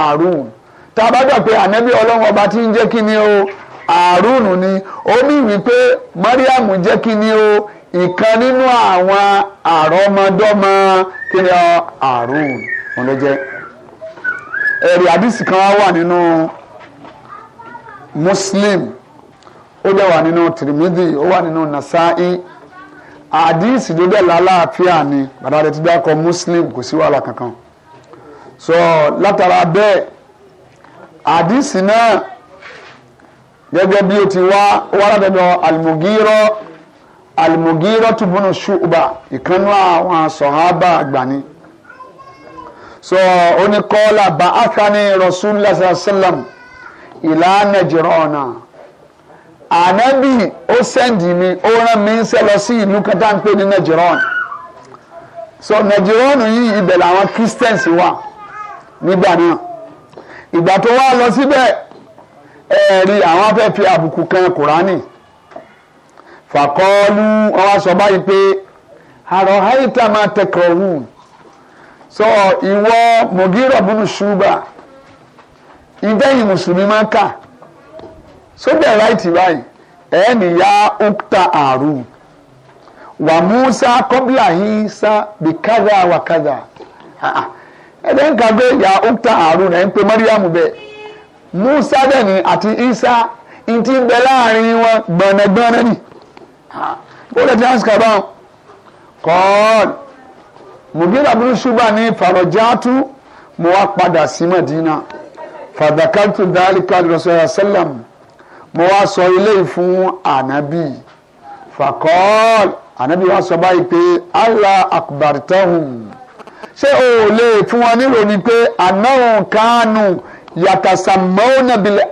àrùn tá a bá gbà pé ànẹ́bí ọlọ́run ọba ni o àrùn ni mariam jẹ́ kí ni o ìkan nínú àwọn àrọ́mọdọ́mọ kí ni òun ló jẹ́ ẹ̀rí àdìsí kan wá nínú Muslim ó dẹ̀ wà nínú Tirmidhi ó wà nínú Nasa'i àdìsí ló dẹ̀ lálàáfíà ni bàtà rẹ̀ ti dákọ̀ Muslim kò sí wàhálà kankan so látara bẹ́ẹ̀ àdìsí náà gẹ́gẹ́ bí o ti wá wàrà dẹ̀dọ̀ Al-Mughira Al-Mughira tubunu Shu'ba ìkànnú àwọn sọ̀hábà àgbà ni so oníkọ́lá bá afẹ́ni rasulillah sallam ìlànà jìrọ̀nà ànábì ó sẹ́ndì mi ó rán mi ń sẹ́ lọ sí ìlú kan tá à ń pè ní nàìjíríàn so nàìjíríàn yìí ibẹ̀ làwọn christians wà nígbà náà ìgbà tó wá lọ síbẹ̀ ẹ̀ẹ́rì àwọn fẹ́ fi àbùkù kan kùránì fàkọ́ọ́lù wọn sọ báyìí pé àrò haitama so ìwọ mọ̀gírọ̀ bùnú ṣùgbà ìdẹ́yìn mùsùlùmí máa ń kà sóbẹ̀ láìtì báyìí ẹ̀ẹ́nì ya ukta àrùn wà musa kọ́bílà yìí sá bí kádà wà kádà ah, ah. ẹ̀dẹ́ ń kàgbé ya ukta àrùn ẹ̀ ń pe mọ́ríyàmù bẹ́ẹ̀ musa dẹ̀ni àti isa ìtì ń bẹ láàrin wọn gbọ̀nẹ̀gbọ̀nẹ̀ ni ah, bó lè ti hàn sí kàbọ̀n kọ́ọ̀lù mugira bin shuba ní farajatu mo wá padà sí madina fàdàkàtù dálíkà rasulillah sallam mo wá sọ eléyìí fún ànábì fàkọ́ọ̀l ànábì wá sọ báyìí pé allah akbartahum ṣé o lè fún wọn níròyìn pé anáhùn kánú yàtàsàmọ́nà bìlẹ̀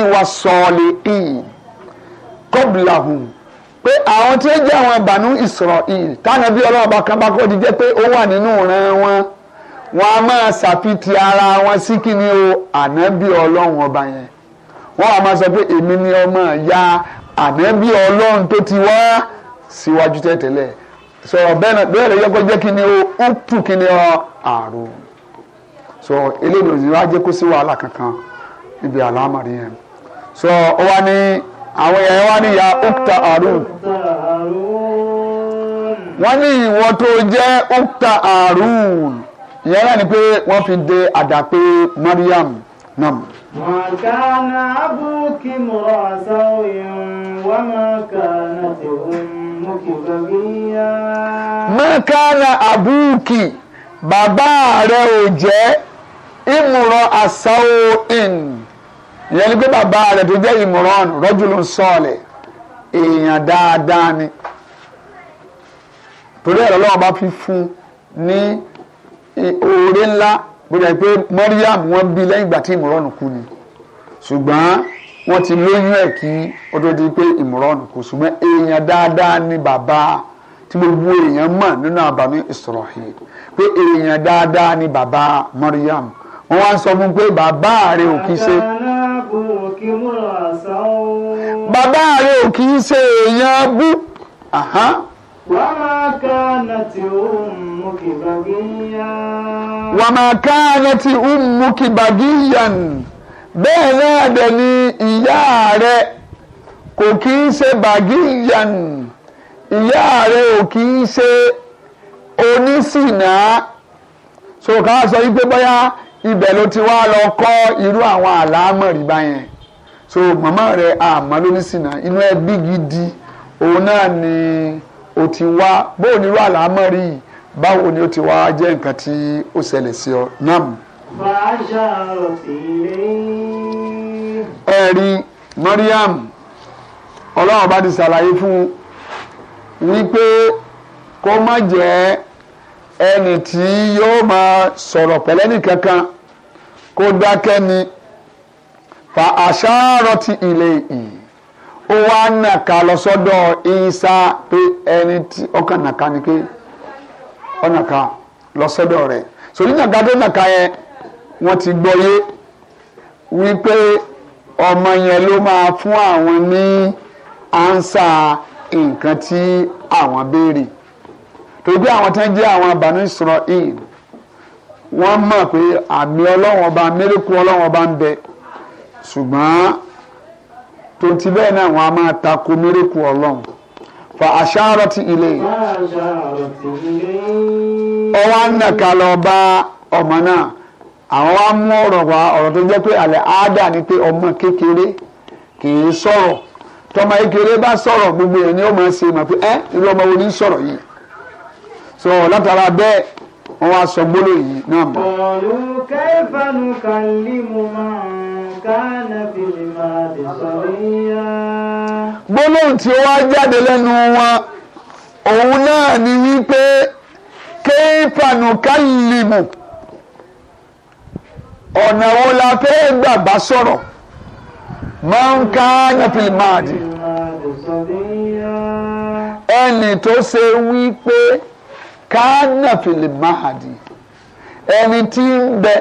ìwà sọ̀ọ̀lì ìn kọ́bìlàhùn pé àwọn tí ó jẹ́ àwọn ìbànú Israel táwọn bí ọlọ́run bá kan bá kó di jẹ́ pé ó wà nínú ìran wọn wọn a máa ṣàfitì ara wọn sí kíni o ànábì ọlọ́run ọba yẹn wọn a máa sọ pé èmi ni ọmọ ìyá ànábì ọlọ́run tó ti wá síwájú tẹ́tẹ́lẹ̀ sọ̀rọ̀ bẹ́ẹ̀ bẹ́ẹ̀ lè yọkọ̀ jẹ́ kíni o ó tù kíni ọ àrùn sọ eléyìí lòdì wá jẹ́ kó sí wàhálà kankan níbi àlámọ̀rí yẹn sọ ọ wá ní àwọn èèyàn wá ní ya ukta arun wọ́n ní ìwọ tó jẹ́ ukta arun ìyẹn náà ni pé wọ́n fi de àdàpé Mariam náà. وكان أبوك امرأ سوء وما كانت أمك بغيا ما كان أبوك bàbá rẹ ò jẹ́ ìmùrọ̀ àṣàwò ìyẹn ni pé bàbá rẹ̀ tó jẹ́ ìmọ̀ràn rọ́jùlù sọ̀ọ̀lẹ̀ èèyàn dáadáa ni torí ẹ̀rọ lọ́wọ́ bá fi fún ní oore ńlá bó dẹ̀ pé Mariam wọ́n bí lẹ́yìn ìgbà tí ìmọ̀ràn kú ni ṣùgbọ́n wọ́n ti lóyún ẹ̀ kí ó tó di pé ìmọ̀ràn kú ṣùgbọ́n èèyàn dáadáa ni bàbá tí gbogbo èèyàn mọ̀ nínú àbámi Israel pé èèyàn dáadáa ni bàbá Mariam wọ́n wá ń sọ fún pé bàbá rẹ̀ ò kí ṣe bàbá rẹ ò kì í ṣe èèyàn bú. wàmà kánà tí ummu kì bagiyyan. wàmà kánà tí ummu kì bagiyyan. bẹ́ẹ̀ náà dẹ̀ ni ìyá rẹ kò kì í ṣe bagiyyan. ìyá rẹ ò kì í ṣe onísìnà. so sọ wípé bóyá ibẹ̀ ló ti wá lọ kọ́ irú àwọn àlámọ̀rí báyẹn so màmá rẹ̀ àmọ́ ló ní sìnà inú ẹbí gidi òun náà ni ó ti wá bóun ni irú àlámọ́rí yìí báwo ni ó ti wá jẹ́ nǹkan tí ó ṣẹlẹ̀ sí ọ náà. bàṣà òfìrí. ẹ̀rí Mariam ọlọ́run bá ti ṣàlàyé fún wípé kó má jẹ́ ẹni tí yóò máa sọ̀rọ̀ pẹ̀lẹ́ nìkankan kó dákẹ́ ni fa aṣáárọ̀tì ilé yìí ó wá nàka lọ sọ́dọ̀ ìsá pé ẹni tí ọkàn nàka ni pé ọ nàka lọ sọ́dọ̀ rẹ̀ sòrí naka tó nàka yẹn wọ́n ti gbọ́ yé wípé ọmọ yẹn ló ma fún àwọn ní ansa nǹkan tí àwọn béèrè torí pé àwọn tí wọ́n jẹ́ àwọn Banu Israel wọ́n mọ̀ pé àmì ọlọ́wọ́n ọba mẹ́rẹ́kù ọlọ́wọ́n ọba ń bẹ ṣùgbọ́n tonti bẹ́ẹ̀ náà wọ́n á máa tako mérekù ọlọ́run fa ti ilé ọwọ́ ànàkà lọ bá ọmọ náà àwọn wa mú ọ̀rọ̀ wá ọ̀rọ̀ tó jẹ́ pé àlẹ́ áádà ni pé ọmọ kékeré kì sọ̀rọ̀ tọmọ ni ó máa ṣe mà pé ẹ́ ọmọ wo ni sọ̀rọ̀ yìí wọ́n wá sọ gbólóhùn yìí náà bọ̀. ọ̀rọ̀ kẹfà ló kà límù máa kánà bìbí máa dé sọ̀ríyá. gbólóhùn tí ó wá jáde lẹ́nu wọn òun náà ni wípé kẹfà ló kà límù ọ̀nà wo la fẹ́ gbà sọ̀rọ̀ máa ń kánà bìbí máa dé. ẹnì tó ṣe wípé kánà fìlì máhàdì ẹni tí ń bẹ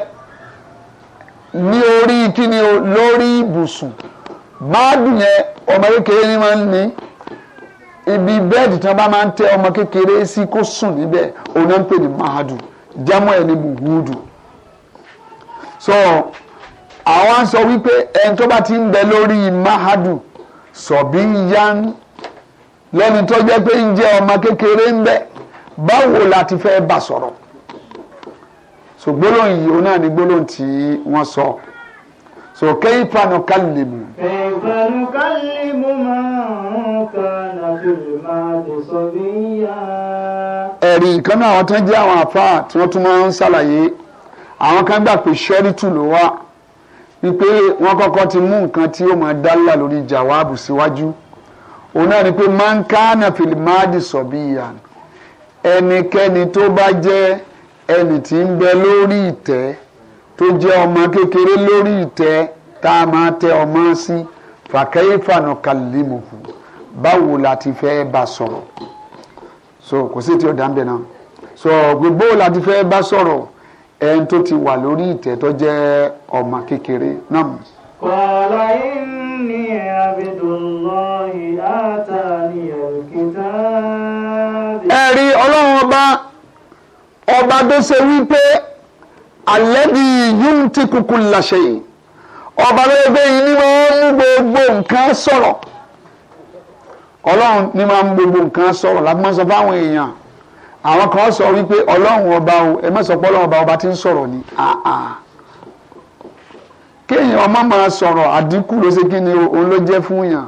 ní orí kíni o lórí ibùsùn máàdù yẹn ọmọ kékeré ni máa ń ní ibi bẹ́ẹ̀dì tí wọ́n bá máa ń tẹ ọmọ kékeré sí kó sùn níbẹ̀ òun náà ń pè ní máàdù jámọ́ ẹ̀ ní bùhúdù so àwọn sọ wípé ẹni tó bá ti ń bẹ lórí máàdù sọ̀bí yan lẹ́ni tó jẹ́ pé ń jẹ́ ọmọ kékeré ń bẹ́ẹ̀ báwo la ti fẹ́ bá sọ̀rọ̀ so gbólóhùn yìí òun náà ni gbólóhùn tí wọ́n sọ so kayfa nukallimu. kayfa nukallimu man kana fil mahdi sabiyya. ẹ̀rí nǹkan náà àwọn tán jẹ́ àwọn àfáà tí wọ́n tún máa ń ṣàlàyé àwọn kan gbà pé ṣọ́rítù ló wà wípé wọ́n kọ́kọ́ ti mú nǹkan tí ó máa dálà lórí jàwáàbù síwájú òun náà ni pé man kana fil mahdi sabiyya ni ẹnikẹ́ni tó bá jẹ́ ẹni tí ń bẹ lórí ìtẹ́ tó jẹ́ ọmọ kékeré lórí ìtẹ́ tá a máa tẹ ọmọ sí fàkẹ́yìn fànà kàlímùkù báwo la ti fẹ́ bá sọ̀rọ̀ so kò sí ti ọ̀dà ń bẹ náà so gbogbo la ti fẹ́ bá sọ̀rọ̀ ẹni tó ti wà lórí ìtẹ́ tó jẹ́ ọmọ kékeré náà. kọ́lá yìí. ọba tó ṣe wípé alẹ́bí yóò ti kúkú làṣẹ yìí ọba tó ṣe pé ní máa ń mú gbogbo nǹkan sọ̀rọ̀ ọlọ́run ní máa ń mú gbogbo nǹkan sọ̀rọ̀ láti máa sọ fáwọn èèyàn àwọn kan sọ wípé ọlọ́run ọba o ẹ má pé ọlọ́run ọba ọba ti ń sọ̀rọ̀ ni kéèyàn ọmọ máa sọ̀rọ̀ àdínkù ló ṣe kí ni òun ló jẹ́ fún yàn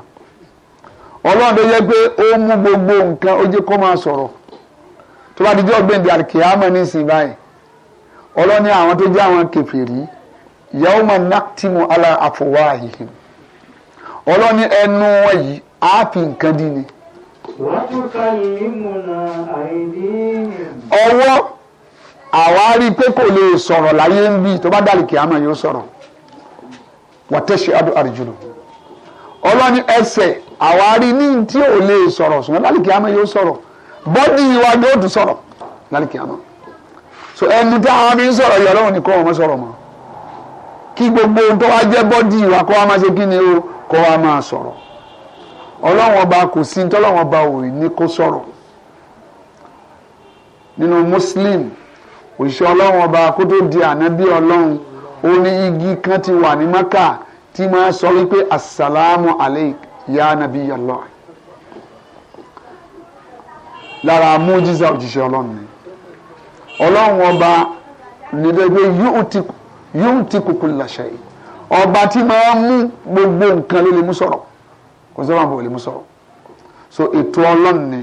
ọlọ́run tó yẹ pé ó mú gbogbo nǹkan ó jẹ́ kó máa sọ̀rọ̀ tó bá dijọ́ gbẹ̀ndẹ̀ n'isi ní ìsìn báyìí ọlọ́ni àwọn tó jẹ́ àwọn kèfèrí yawma naktimu ala afwahihim ọlọ́ni ẹnu wọn yìí fi ni. ọwọ́ àwa rí i pé kò lè sọ̀rọ̀ láyé ń bí tó bá dàlí kìámọ̀ yóò sọ̀rọ̀ wàtẹ́sí adó àrùjùlọ ọlọ́ni ẹsẹ̀ àwa ní tí ò bọ́dì wa ni ó dùn sọ̀rọ̀ lálẹ́ kìámà so ẹni tí àwọn abiyín sọ̀rọ̀ yọ̀ lọ́wọ́ nìkan ọmọ sọ̀rọ̀ mọ́ kí gbogbo ohun tó wá jẹ́ bọ́dì wa kó wa máa ṣe kí ni o kó wa máa sọ̀rọ̀ ọlọ́wọ́n ọba kò sí ní tọ́lọ́wọ́n ọba ò ní kó sọ̀rọ̀ nínú muslim òṣìṣẹ́ ọlọ́wọ́n ọba kó tó di ànábì ọlọ́run ó ní igi kan ti wà ní maka tí máa sọ wípé asalaamu aleyk ya nabi allah lára mójísà òjíṣẹ́ ọlọ́run ni ọlọ́run ọba nídẹ́gbẹ́ yóò ti kúkú làṣẹ yìí ọba tí máa mú gbogbo nǹkan ló lè mú sọ̀rọ̀ kò sọ́wọ́n àbò lè mú sọ̀rọ̀ so ètò ọlọ́run ni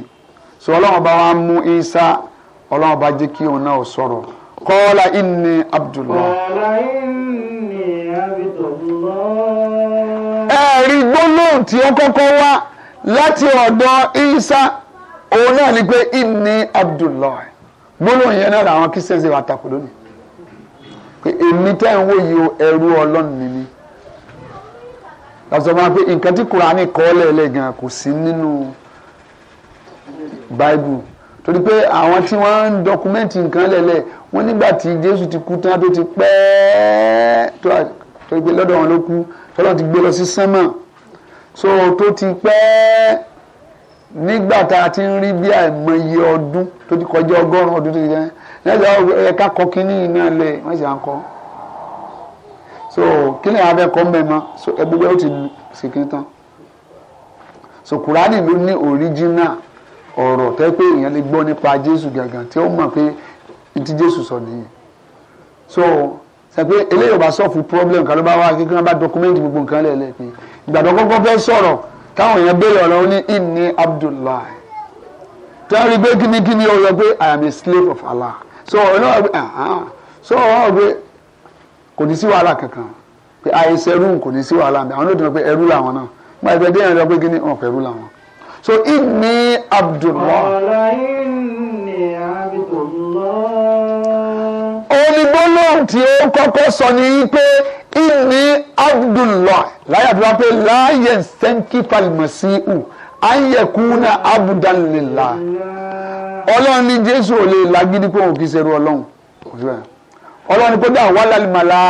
so ọlọ́run ọba wa mú Isa ọlọ́run ọba jẹ́ kí òun náà sọ̀rọ̀ kọ́lá inni Abdullah. kọ́lá inni Abdullah. ẹ̀rí gbólóhùn tí ó kọ́kọ́ wá láti ọ̀dọ̀ Isa òun náà ni pé inni abdullahi gbólóhùn yẹn náà làwọn kristians wà takò lónìí pé èmi tẹ́ ń wò yìí o ẹrú ọlọ́run ni mí lọ́sọ̀ máa pé nǹkan tí kùránì kọ́ lẹ́ẹ̀lẹ́ gan kò sí nínú báíbù torí pé àwọn tí wọ́n ń dọkumẹ́ǹtì nǹkan lẹ́lẹ̀ wọ́n nígbà tí jésù ti kú tán tó ti pẹ́ torí pé lọ́dọ̀ wọn ló kú tọ́lọ́ ti gbé lọ sí sánmà so tó ti pẹ́ nígbà tá a ti ń rí bí àìmọye ọdún tó ti kọjá ọgọ́rùn-ún ọdún tó ti jẹ́ lẹ́sẹ̀ ẹ̀ka kọ kínní náà lẹ̀ wọ́n sì á kọ́ so kílẹ̀ abẹ́ kọ́ mẹ́ma so ẹgbẹ́ ó ti sìnkín tán so Kùránì ló ní òríjínà ọ̀rọ̀ tẹ́ pé èèyàn lè gbọ́ nípa Jésù gàngàn tí ó mọ̀ pé ti Jésù sọ nìyí so sẹ́pẹ́ eléyìí ò bá sọ̀fù problem kan ló bá wá kí wọ́n bá dọkumẹ́ntì gbogbo nǹkan lẹ̀ lẹ́ pé ìgbàdàn kọ́kọ́ fẹ́ sọ̀rọ̀ káwọn èèyàn béèrè ọ̀rọ̀ ó ní ìní Abdullah tẹ́lẹ̀ pé kínníkínní ó yọ pé I am a slave of Allah so ọ̀nà ọ̀gbẹ́ so ọ̀gbẹ́ kò ní sí wàhálà kankan pé àìsí ẹrú kò ní sí wàhálà mi àwọn ló dùn pé ẹrú làwọn náà mo àìfẹ́ dé ìrìn lọ pé kínní ọ̀pẹ̀ ẹrú làwọn so inni Abdullah. ọ̀rọ̀ inni Abdullah. onígbólóhùn tí ó kọ́kọ́ sọ ni pé. ìní abdullahi láyé àti wáá pé láyé sẹ́ńkì falimọ̀sí ù ayẹkùnà abudalila ọlọ́run ní jésù ò lè lágídí pé òun kì í ṣerú ọlọ́run ọlọ́run ní kódà wàlálì màlá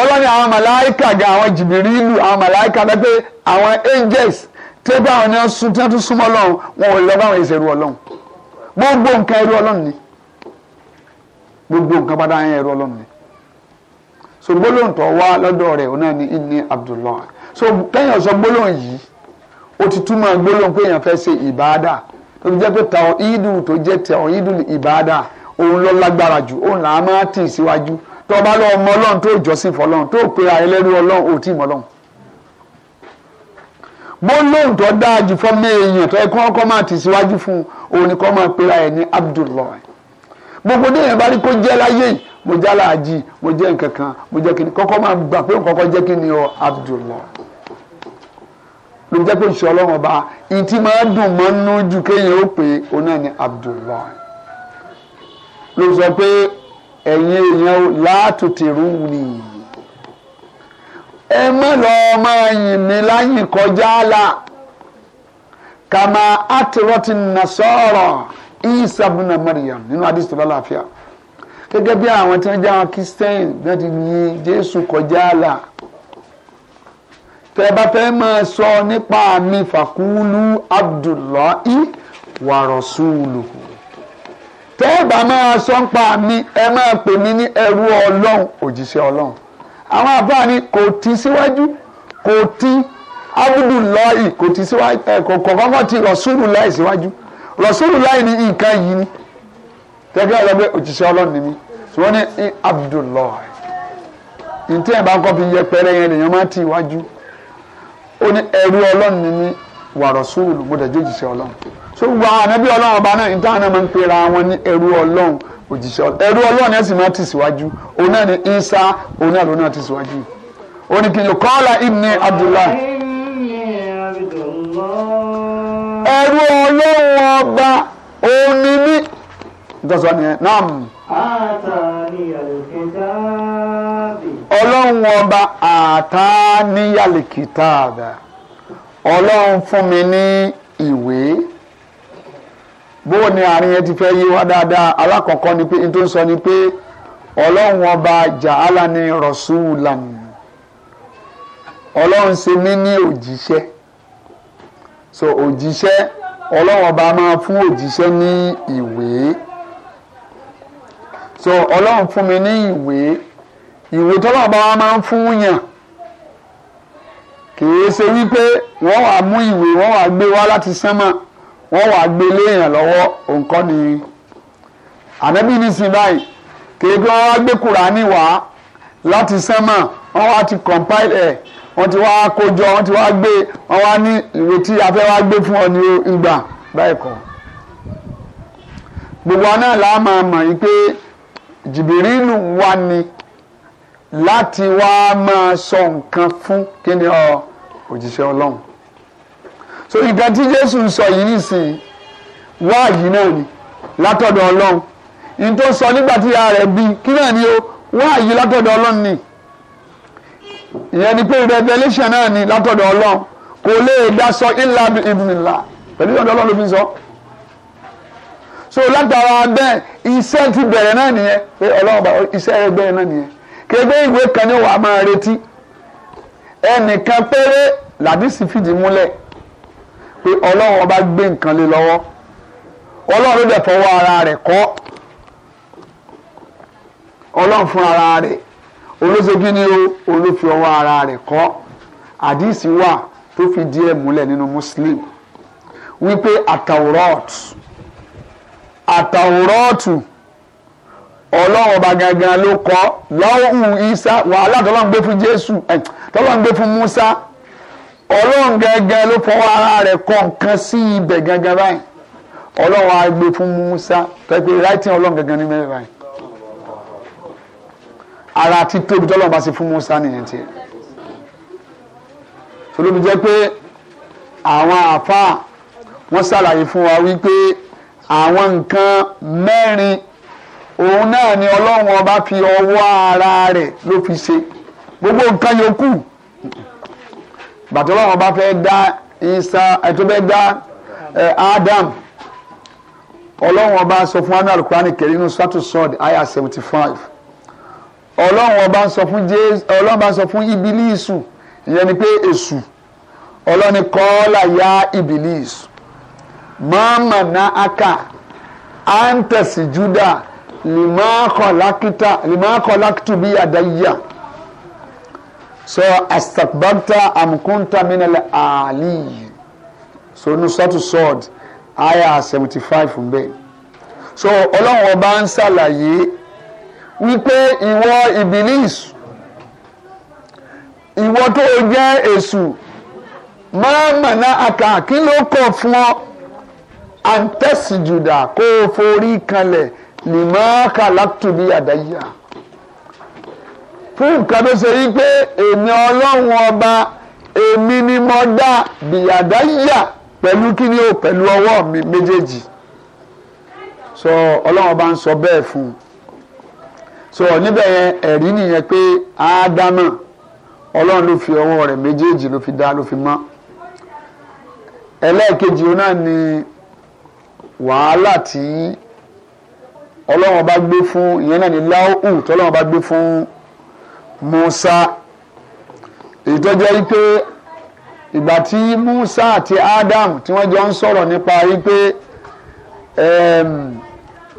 ọlọ́run àwọn màláìkà ga àwọn jìbìrìlù àwọn màláìkà bẹ́ẹ̀ pé àwọn angels tẹ́gbà àwọn ní wọ́n tún súnmọ́ ọlọ́run wọn ò bá àwọn ìṣerú ọlọ́run gbogbo nǹkan ẹrú ọlọ́run ni. gbogbo nǹkan padà yẹn ẹ̀rọ ọlọ́run ni so gbólóhùn tó wá lọ́dọ̀ rẹ̀ òun náà ni inni abdullah so kẹ́yìn sọ gbólóhùn yìí ó ti túmọ̀ gbólóhùn pé èèyàn fẹ́ ṣe ìbáadà tó fi jẹ́ pé tàwọn ìdù tó jẹ́ tàwọn ìdù ìbáadà òun lọ lágbára jù òun là á máa tì síwájú tó o bá lọ ọmọ ọlọ́run tó jọ́sìn fọlọ́run tó pera ẹlẹ́rú ọlọ́run ò tí ì mọ gbólóhùn tó dáa jù fọ́ mẹ́ẹ̀yàn tó ẹ kọ́ máa tì síwájú fún òun ni kọ́ máa pera ẹ̀ ní abdullah gbogbo ní ìyẹn bá rí kó jẹ́ láyé yìí mo jẹ́ aláàjì mo jẹ́ nǹkan kan mo jẹ́ kíni kọ́kọ́ máa gbà pé kọ́kọ́ jẹ́ kíni o Abdullah ló jẹ́ pé ìṣọ́ ọlọ́run ọba ìyìn tí máa dùn mọ́ nú ju kéèyàn ó pè é òun náà ni Abdullah ló sọ pé ẹ̀yin èèyàn látòtìrú ni ẹ má lọ máa yìn mí láyìn kọjá là kàmá àtìrọ́tì nà sọ̀rọ̀. Isa buna Maryam nínú hadith tó lálàáfíà gẹ́gẹ́ bí àwọn tí wọ́n jẹ́ àwọn kristian náà ti yin Jésù kọjá àlà tẹ́ bá fẹ́ máa sọ nípa mi fàkúlù Abdullahi wa rasuluhu tẹ́ bá máa sọ nípa mi ẹ máa pè mí ní ẹrú Ọlọ́run òjíṣẹ́ Ọlọ́run àwọn àbáà ni kò ti síwájú kò ti Abdullahi kò ti síwájú kò kọ́kọ́ ti rasulu láì síwájú. Si Rasulullahi ní nǹkan yìí ni tẹ́gbẹ́ ọlọ́gbẹ́ òjíṣẹ́ ọlọ́run ni mí wọ́n ní Abdullahi ntí ẹ̀ bá kọ́ fi yẹpẹrẹ yẹn lèèyàn máa ti iwájú ó ní ẹrú ọlọ́run ni mí wà Rasulu mo dẹ̀jọ́ òjíṣẹ́ ọlọ́run tó wà ànábì ọlọ́run ọba náà níta náà máa ń pera wọn ní ẹrú ọlọ́run òjíṣẹ́ ọlọ́run ẹrú ọlọ́run ẹ̀ sì máa ti síwájú òun náà ní Isa òun náà ló náà ti síwájú òun ní kìnìún kọ́lá ibni Abdullahi. ẹrú ọlọ́run ọba òun ni mí ìtọ́sọ náà. ọlọ́run ọba ọlọ́run fún mi ní ìwé bó ni àárín yẹn ti fẹ́ yé wa dáadáa alákọ̀ọ́kọ́ ni pé n tó ń sọ ni pé ni ọlọ́run ṣe mí ní òjíṣẹ́ so òjíṣẹ́ ọlọ́run ọba máa fún òjíṣẹ́ ní ìwé so ọlọ́run fún mi ní ìwé ìwé tọ́lọ́run ọba wa máa ń fún yàn kìí ṣe wípé wọ́n wàá mú ìwé wọ́n wàá gbé wá láti sánmà wọ́n wàá gbé léèyàn lọ́wọ́ nǹkan ni ànábì nísìnyí báyìí kìí pé wọ́n wá gbé kùránì wá láti sánmà wọ́n wá ti compile ẹ̀ wọ́n ti wá kójọ wọ́n ti wá gbé wọ́n wá ní ìrètí afẹ́ wá gbé fún ọ ní ìgbà báyìí kọ́ gbogbo wa náà la máa mọ̀ yìí pé jìbìrìlù wa ni láti wá máa sọ nǹkan fún kí ọ òjíṣẹ́ ọlọ́run so nǹkan tí jésù ń sọ yìí nìsín wá yìí náà ni látọ̀dọ̀ ọlọ́run ní tó sọ nígbà tí ìyá rẹ̀ bí kí náà ni ó wá yìí látọ̀dọ̀ ọlọ́run nìyí ìyẹn ni pé revelation náà ni látọ̀dọ̀ ọlọ́run kò lè dá sọ ilà ìbùnìlà pẹ̀lú ìyọ̀dọ̀ ọlọ́run ló fi sọ. so látara bẹ́ẹ̀ iṣẹ́ ti bẹ̀rẹ̀ náà nìyẹn pé ọlọ́run bá iṣẹ́ rẹ bẹ̀rẹ̀ náà nìyẹn kébé ìwé kan ní wàá máa retí ẹnìkan péré làdísì fìdí múlẹ̀ pé ọlọ́run ọba gbé nǹkan lé lọ́wọ́ ọlọ́run ló dẹ̀ fọwọ́ ara rẹ̀ kọ́ ọlọ́run fún ara rẹ̀ olóṣègbè ni o olófi ọwọ́ ara rẹ̀ kọ́ àdìsí wà tó fi díẹ̀ múlẹ̀ nínú muslim wípé àtàwùrọ́ọ̀tù àtàwùrọ́ọ̀tù ọlọ́run ọba gangan ló kọ́ lọ́hùn isa wàhálà tọ́lọ́run gbé fún jésù eh, tọ́lọ́run gbé fún musa ọlọ́run gangan ló fọwọ́ ara rẹ̀ kọ́ nǹkan sí ibẹ̀ gangan báyìí ọlọ́run á gbé fún musa tẹ́gbẹ́ writing ọlọ́run gangan ní mẹ́rin báyìí ara títóbi tọ́lọ́run bá ṣe fún Musa nìyẹn tiẹ̀ tolóbi jẹ́ pé àwọn àáfàá wọ́n ṣàlàyé fún wa wípé àwọn nǹkan mẹ́rin òun náà ni ọlọ́run ọba fi ọwọ́ ara rẹ̀ ló fi ṣe gbogbo nǹkan yòókù bàtà ọlọ́run ọba fẹ́ dá isa ẹ̀tọ́ fẹ́ dá Adam ọlọ́run ọba sọ fún anu alukurani kẹrin nínú sátúsọ́ọ̀dì àyà seventy five ọlọ́run ọba ń sọ fún jésù ọlọ́run ọba ń sọ fún ibilisu ìyẹn ni pé èṣù ọlọ́run ni kọ́ọ́là ya ibilisu mọ́ọ̀mà na aka àǹtẹ̀sì júdà lìmọ́ọ̀kọ̀ lákìtù bí àdáyà so astakbakta amukunta minala ali so nusatu sọọd aya seventy five mbẹ so ọlọ́run ọba ń ṣàlàyé wípé ìwọ ibilis ìwọ tó jẹ́ èṣù máa mọ̀nà àkà kí ló kọ̀ fún ọ àǹtẹ̀sìjùdà kó o forí kalẹ̀ lèmọ́ kàlátùbí àdáyà fún nǹkan tó ṣe wípé èmi ọlọ́run ọba èmi ni mo dá bìyàdáyà pẹ̀lú kí ni o pẹ̀lú ọwọ́ mi méjèèjì sọ ọlọ́run ọba ń sọ bẹ́ẹ̀ fún un so níbẹ̀ yẹn ẹ̀rí nìyẹn pé ádámà ọlọ́run ló fi ọwọ́ rẹ̀ méjèèjì ló fi dá ló fi mọ́ ẹlẹ́ẹ̀kejì òun ni wàhálà tí ọlọ́run bá gbé fún ìyẹn náà ni láhùn tọ́lọ́run bá gbé fún Musa èyí tó jẹ́ wípé ìgbà tí Musa àti Adam tí wọ́n jọ ń sọ̀rọ̀ nípa wípé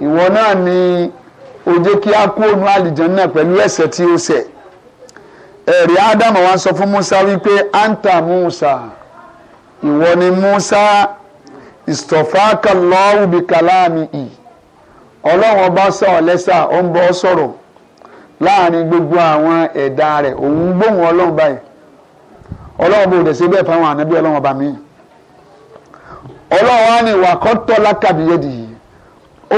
ìwọ náà ni. Um, O jẹ́ kí a kú ònú náà pẹ̀lú ẹ̀ṣẹ̀ tí o ṣẹ̀ ẹ̀rí ádámù wa sọ fún musa wípé anta musa ìwọ ni musa ìsọfáàkà lọ́wọ́ bí kàláàmì i ọlọ́run ọba sọ ọ̀lẹ́sà ó ń bọ́ sọ̀rọ̀ láàrin gbogbo àwọn ẹ̀dá rẹ̀ òun gbóhùn ọlọ́run báyìí ọlọ́run bò dẹ̀ sí fáwọn ànábí ọlọ́run ọba mi wa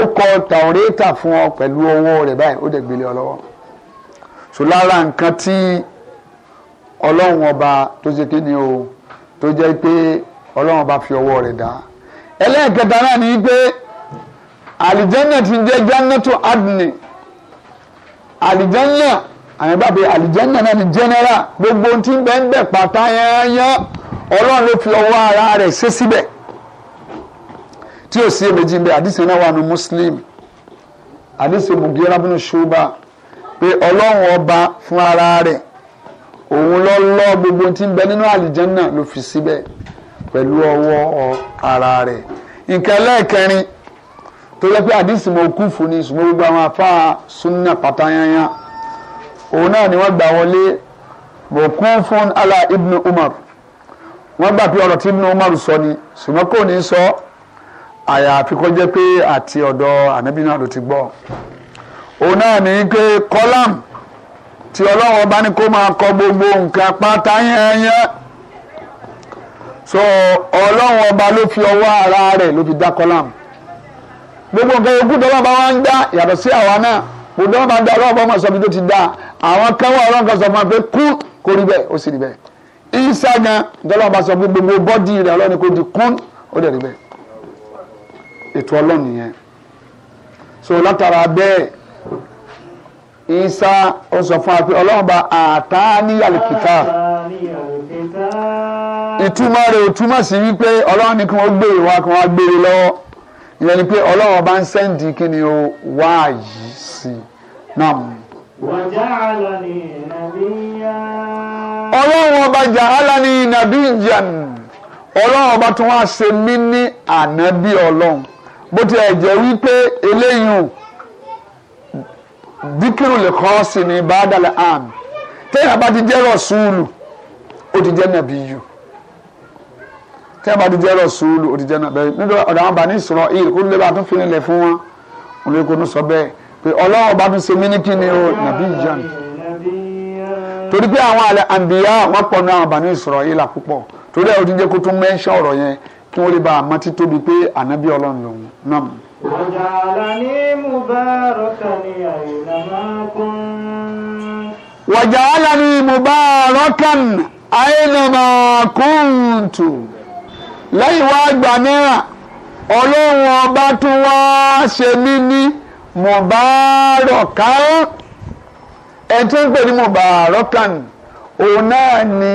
ó kọ tàwọ̀rẹ́tà fún ọ pẹ̀lú owó rẹ̀ báyìí ó dẹ̀ gbélé ọ lọ́wọ́ so lára nǹkan tí ọlọ́run ọba tó ṣe kí ni o tó jẹ́ pé ọlọ́run ọba fi ọwọ́ rẹ̀ dá ẹlẹ́ẹ̀kẹta náà ni pé àlìjẹ́nà ti jẹ́ jannatu adni àlìjẹ́nà àyàn bá pe àlìjẹ́nà náà ni general gbogbo ohun tí ń bẹ́ẹ̀ ń bẹ̀ pátá yányán ọlọ́run ló fi ọwọ́ ara rẹ̀ ṣe síbẹ̀ tí ò sí èméjì bẹ́ẹ̀ àdìsí náà wà ní muslim àdìsí Mugira bin Shuba pé ọlọ́run ọba fún ara rẹ̀ òun ló lọ́ gbogbo tí ń bẹ nínú àlìjẹ́nnà ló fi síbẹ̀ pẹ̀lú ọwọ́ ara rẹ̀ nǹkan lẹ́ẹ̀kẹrin tó yẹ pé àdìsí mo kú fún ni ṣùgbọ́n gbogbo àwọn afá súnà pátáyányá òun náà ni wọ́n gbà wọlé mo kú fún ala ibn Umar wọ́n gbà pé ọ̀rọ̀ tí ibnu Umar sọ ni ṣùgbọ́n kò ní sọ ọ́ àyàfi kó jẹ́ pé àti ọ̀dọ̀ ànábì náà ló ti gbọ́ òun náà ní pé kọ́lám tí ọlọ́run ọba ní kó máa kọ gbogbo nǹkan pátá yẹn yẹn so ọlọ́run ọba ló fi ọwọ́ ara rẹ̀ ló fi dá kọ́lám gbogbo nǹkan ogún tó lọ́ba wá ń dá yàtọ̀ sí àwa náà gbogbo wọn bá dá ọlọ́run ọba sọ bí tó ti dá àwọn kan wà ọlọ́run kan sọ fún wa pé kú kò rí bẹ́ẹ̀ ó sì rí bẹ́ẹ̀ ìṣàgàn ìtọ́lọ́run ọba sọ gbogbo bọ́dì rẹ̀ ọlọ́run kò di kún ó dẹ̀ rí bẹ́ẹ̀ ètò ọlọ́run nìyẹn so látara bẹ́ẹ̀ Isa ó sọ fún wa pé ọlọ́run bá àtàníyàlì kìtà ìtumọ̀ rẹ̀ ò túmọ̀ sí wípé ọlọ́run ní kí wọ́n gbé ìwà kí wọ́n gbére lọ́wọ́ ìyẹn ni pé ọlọ́run bá ń sẹ́ǹdì kí ni o wá yìí sí i náà. wàjálàní nàbíyá. ọlọ́run ọba jàálàní nàbíyàn ọlọ́run ọba tún wá ṣe mí ní ànábì ọlọ́run bó tiẹ̀ jẹ́ wípé eléyìí díkìrù lè kọ́ sí ni bàdàlẹ̀ àm téèyàn bá ti jẹ́ rọ̀ṣúùlù ó ti jẹ́ nàbí yù téèyàn bá ti jẹ́ rọ̀ṣúùlù ó ti jẹ́ nàbí yù nítorí ọ̀dọ̀ àwọn bàní sọ̀rọ̀ ìlú kó lè bá tún fi nílẹ̀ fún wọn òun lè kó tún sọ bẹ́ẹ̀ pé ọlọ́run bá tún ṣe mí ní kí ni o nàbí yù jẹun torí pé àwọn àlẹ́ àǹbíyá wọn pọ̀ ní àwọn bàní sọ̀rọ̀ ìlà púpọ̀ torí ẹ̀ ó ti jẹ́ kó tún mẹ́ńṣẹ́ ọ̀rọ̀ yẹn kí wọ́n lè bá àmọ́ títóbi pé ànábì ọlọ́run lòun náà. wàjàlání mubarakan ní àyìnàmá kún. wàjàlání mubarakan àyìnàmá kúntù. lẹ́yìn wá gbà náà ọlọ́run ọba tún wá ṣe mí ní mubarakan ẹni tó ń pè ní mubarakan òun náà ni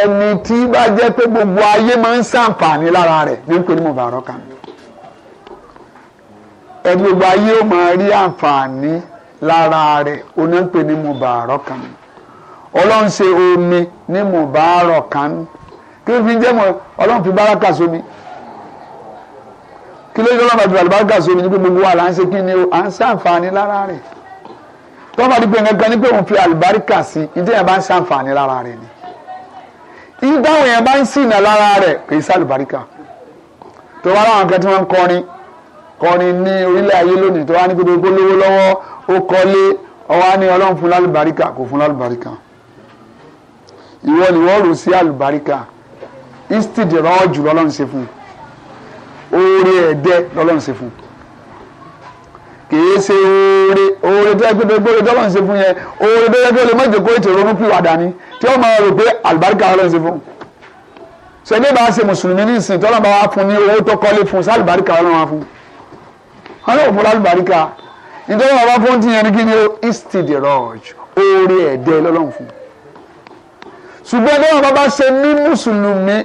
ẹni tí bá jẹ́ pé gbogbo ayé máa ń ṣàǹfààní lára rẹ̀ ní pé ní mubaraka ẹni gbogbo ayé ó máa rí àǹfààní lára rẹ̀ ó ní pé ní mubaraka ọlọ́run ṣe omi ní mubaraka kí ló fi jẹ́ mọ́ ọlọ́run fi báraka sómi kí ló yẹ lọ́nà àti àlùbáríkà sómi ní pé gbogbo wa là ń ṣe kí ni à ń ṣàǹfààní lára rẹ̀ tọ́ba dípẹ́ nǹkan kan ní pé òun fi àlùbáríkà sí ìdí bá ń ṣàǹfààní lára rẹ̀ ni ìdáhùn yẹn bá ń sìnà lára rẹ̀ kì í sàlùbáríkà tó wá láwọn akẹ́tí wọn kọrin kọrin ní orílẹ̀ ayé lónìí tó wá ní gbogbo lówó lọ́wọ́ ó kọ́lé ọwọ́ á ní ọlọ́run fún lálùbáríkà kò fún lálùbáríkà ìwọ ni wọ́n rò sí àlùbáríkà instead rọ́ọ̀jù lọ́lọ́run ṣe fún un oore ẹ̀dẹ́ lọ́lọ́run ṣe fún un kìí ṣe oore oore tó yẹ pé gbogbo ọjọ́ wọn ṣe fún yẹn oore tó yẹ pé olè mọ́jọ kó ètò ìrònú pìwà dání tí wọ́n máa rò pé àlùbáríkà ọlọ́run ṣe fún. sọ ilé bá ṣe mùsùlùmí ní ìsìn tọ́lọ́ bá wá fún ní owó tó kọ́lé fún sálùbáríkà ọlọ́run wá fún. wọn lè fún lálùbáríkà nítorí wọn bá fún ti yẹn ní kí ni o istidiraj oore ẹ̀dẹ́ lọ́lọ́run fún. ṣùgbọ́n bí wọn bá ṣe ní mùsùlùmí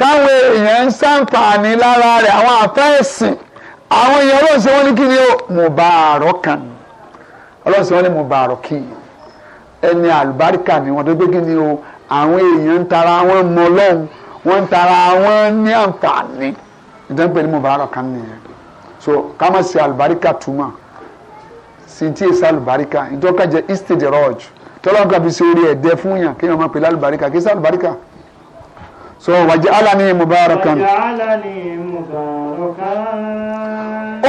táwọn èèyàn ń ṣàǹfààní lára rẹ̀ àwọn àfẹ́ ẹ̀sìn àwọn èèyàn ọlọ́run ṣe wọ́n ní kí ni ó mùbàárọ̀ kan ọlọ́run ṣe wọ́n ní mùbàárọ̀ kì í ẹni àlùbáríkà ni wọ́n tó gbé kí ni ó àwọn èèyàn ń tara wọn mọ ọlọ́run wọ́n ń tara wọn ní àǹfààní ìdánpẹ̀ ní mùbàárọ̀ kan nìyẹn so ká má ṣe àlùbáríkà túmọ̀ sí tí èsì àlùbáríkà ìjọkàjẹ istage roj tọ́lọ́run kàbí ṣe orí ẹ̀dẹ́ fún yàn kéèyàn má pè lálùbáríkà kì í sálùbáríkà so wàjẹ́ alani mubarakan. wàjẹ́ alani mubarakan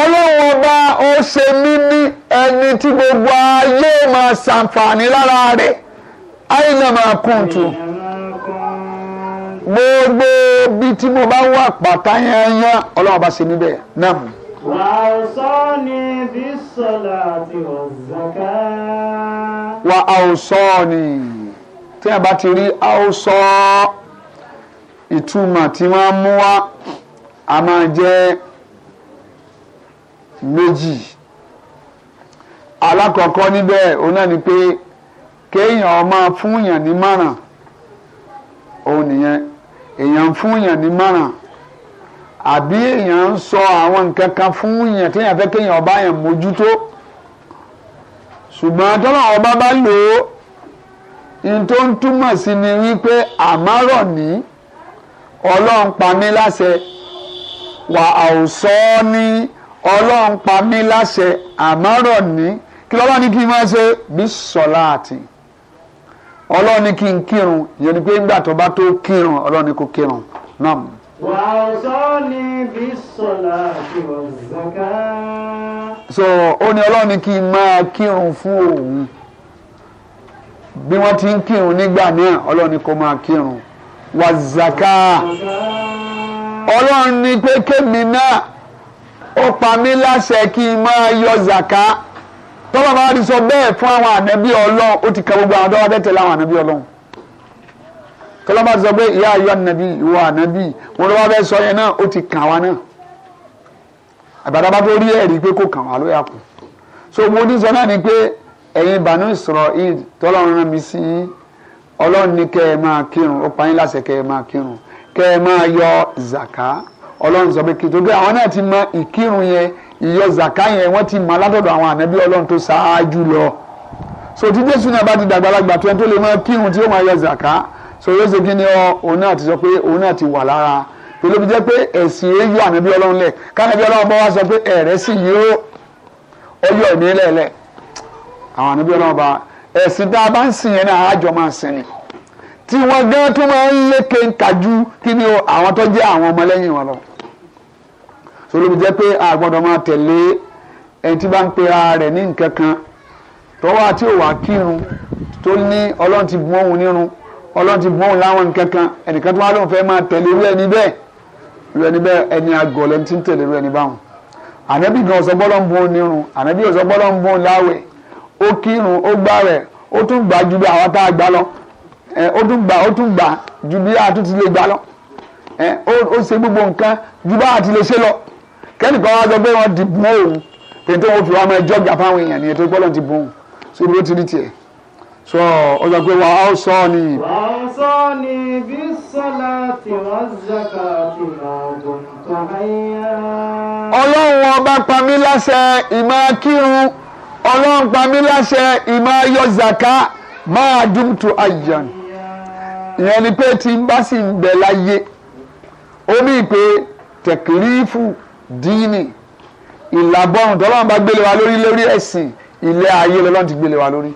ọlọ́run ọba ó ṣe mí ní ẹni tí gbogbo ayé máa ṣàǹfààní lára rẹ̀ àìlè máa kùn tù gbogbo bí tí mo bá wà pàtà yẹn yẹn ọlọ́run ọba ṣe mí bẹ́ẹ̀ náà. وأوصاني بالصلاة والزكاة وأوصاني tí a bá ti rí àwòsọ ìtumọ̀ tí wọ́n mú wá a máa jẹ́ méjì alákọ̀ọ́kọ́ níbẹ̀ òun náà ni pé kéèyàn máa fúnyàn ní márùn òun nìyẹn èèyàn ń fúnyàn ní márùn àbí èèyàn ń sọ àwọn nǹkan kan fúnyàn téèyàn fẹ́ kéèyàn bá yàn mójútó ṣùgbọ́n tọ́lá ọba bá lò ó ní tó ń túmọ̀ sí ni wípé àmárọ̀ ní ọlọ́run pa mí láṣẹ wà àwòsàn ní ọlọ́run pa mí láṣẹ àmọ́rọ̀ ní kí lọ́wọ́ ní kí n máa ṣe bí sọ̀lá àti ọlọ́run ní kí n kírun ìyẹn ni pé nígbà tó bá tó kírun ọlọ́run ní kó kírun náà. wà á sọ ní bí sọ̀lá àti ọ̀zàká. so ó ní ọlọ́run ní kí n máa kírun fún òun bí wọ́n ti ń kírun nígbà náà ọlọ́run ní kó máa kírun wà zàká ọlọ́run ní pé kémi náà ó pa mí láṣẹ kí n máa yọ zàká tọ́lá bá rí sọ bẹ́ẹ̀ fún àwọn ànábì ọlọ́run ó ti ka gbogbo àwọn tó wá bẹ́ẹ̀ tẹ̀lé àwọn ànábì ọlọ́run tọ́lá bá sọ pé ìyá ayọ́ ànábì ìwọ ànábì wọn ló bẹ́ẹ̀ sọ yẹn náà ó ti kàn wá náà àbàdà bá tó rí ẹ̀rí pé kò kàn wá ló yà kù so mo ní sọ náà ni pé ẹ̀yin bànú Israel tọ́lọ́run rán mi sí ọlọ́run ní kẹ́ ẹ máa kírun ó pa yín láṣẹ kẹ́ máa kírun kẹ́ máa yọ zàká ọlọ́run sọ pé kìtó pé àwọn náà ti mọ ìkírun yẹn ìyọ zaka yẹn wọ́n ti mọ aládọ́dọ̀ àwọn ànábí ọlọ́run tó ṣáájú lọ so tí jésù náà bá ti dàgbàlagbà tó yẹn tó lè máa kírun tí ó máa yọ zaka so yóò ṣe kí ni ọ òun náà ti sọ pé òun náà ti wà lára pẹ̀lú bí jẹ́ pé ẹ̀sìn yẹn yọ ànábí ọlọ́run lẹ̀ kánábí ọlọ́run bá wá sọ pé ẹ̀rẹ́ sì yó ọyọ tí wọ́n gan tó máa ń lékè kájú kí ni o àwọn tó jẹ́ àwọn ọmọlẹ́yìn wọn lọ. solóbi jẹ́ pé a gbọ́dọ̀ máa tẹ̀lé ẹni tí bá ń pera rẹ̀ ní nǹkan kan tọ́wọ́ àti òwà kírun tó ní ọlọ́run ti bùn òun nírun ọlọ́run ti bùn òun láwọn nǹkan kan ẹnìkan tó wá lóun fẹ́ máa tẹ̀lé irú ẹni bẹ́ẹ̀ irú ẹni bẹ́ẹ̀ ẹni àgọ̀ lẹni tí ń tẹ̀lé irú ẹni báwọn. ànábì gan ọ̀sọ́ ń bùn òun nírun ànábì ọ̀sọ́ ń bùn òun láwẹ̀ ó kírun ó gbààwẹ̀ ó tún gbà bí àwọn tá a gbà lọ ó tún gbà ó tún gbà ju bí a tún ti lè gbà lọ ó ṣe gbogbo nǹkan ju bá a ti lè ṣe lọ kẹ́nìkan wá gbọ́ pé wọ́n ti bùn òun tètè wọn fi wọn máa jọ́gà fáwọn èèyàn nìyẹn tó gbọ́dọ̀ ti bùn òun sí ibi ó ti rí tiẹ̀ sọ ọ pé wàá sọ ni. wàá sọ ni bí sọlá tí wọ́n zaka tí wọ́n gùn tó háyà. ọlọ́run ọba pa mí láṣẹ ìmọ̀ kírun ọlọ́run pa mí láṣẹ ìmọ̀ ayọ̀ zaka máa dùn tó ìyẹn ni pé tí n bá sì ń bẹ láyé ó ní pé tẹ̀kìlífù díìnì ìlàbọ̀rùn tọ́lọ́run bá gbélé wa lórí lórí ẹ̀sìn ilé ayé lọ́lọ́run ti gbélé wa lórí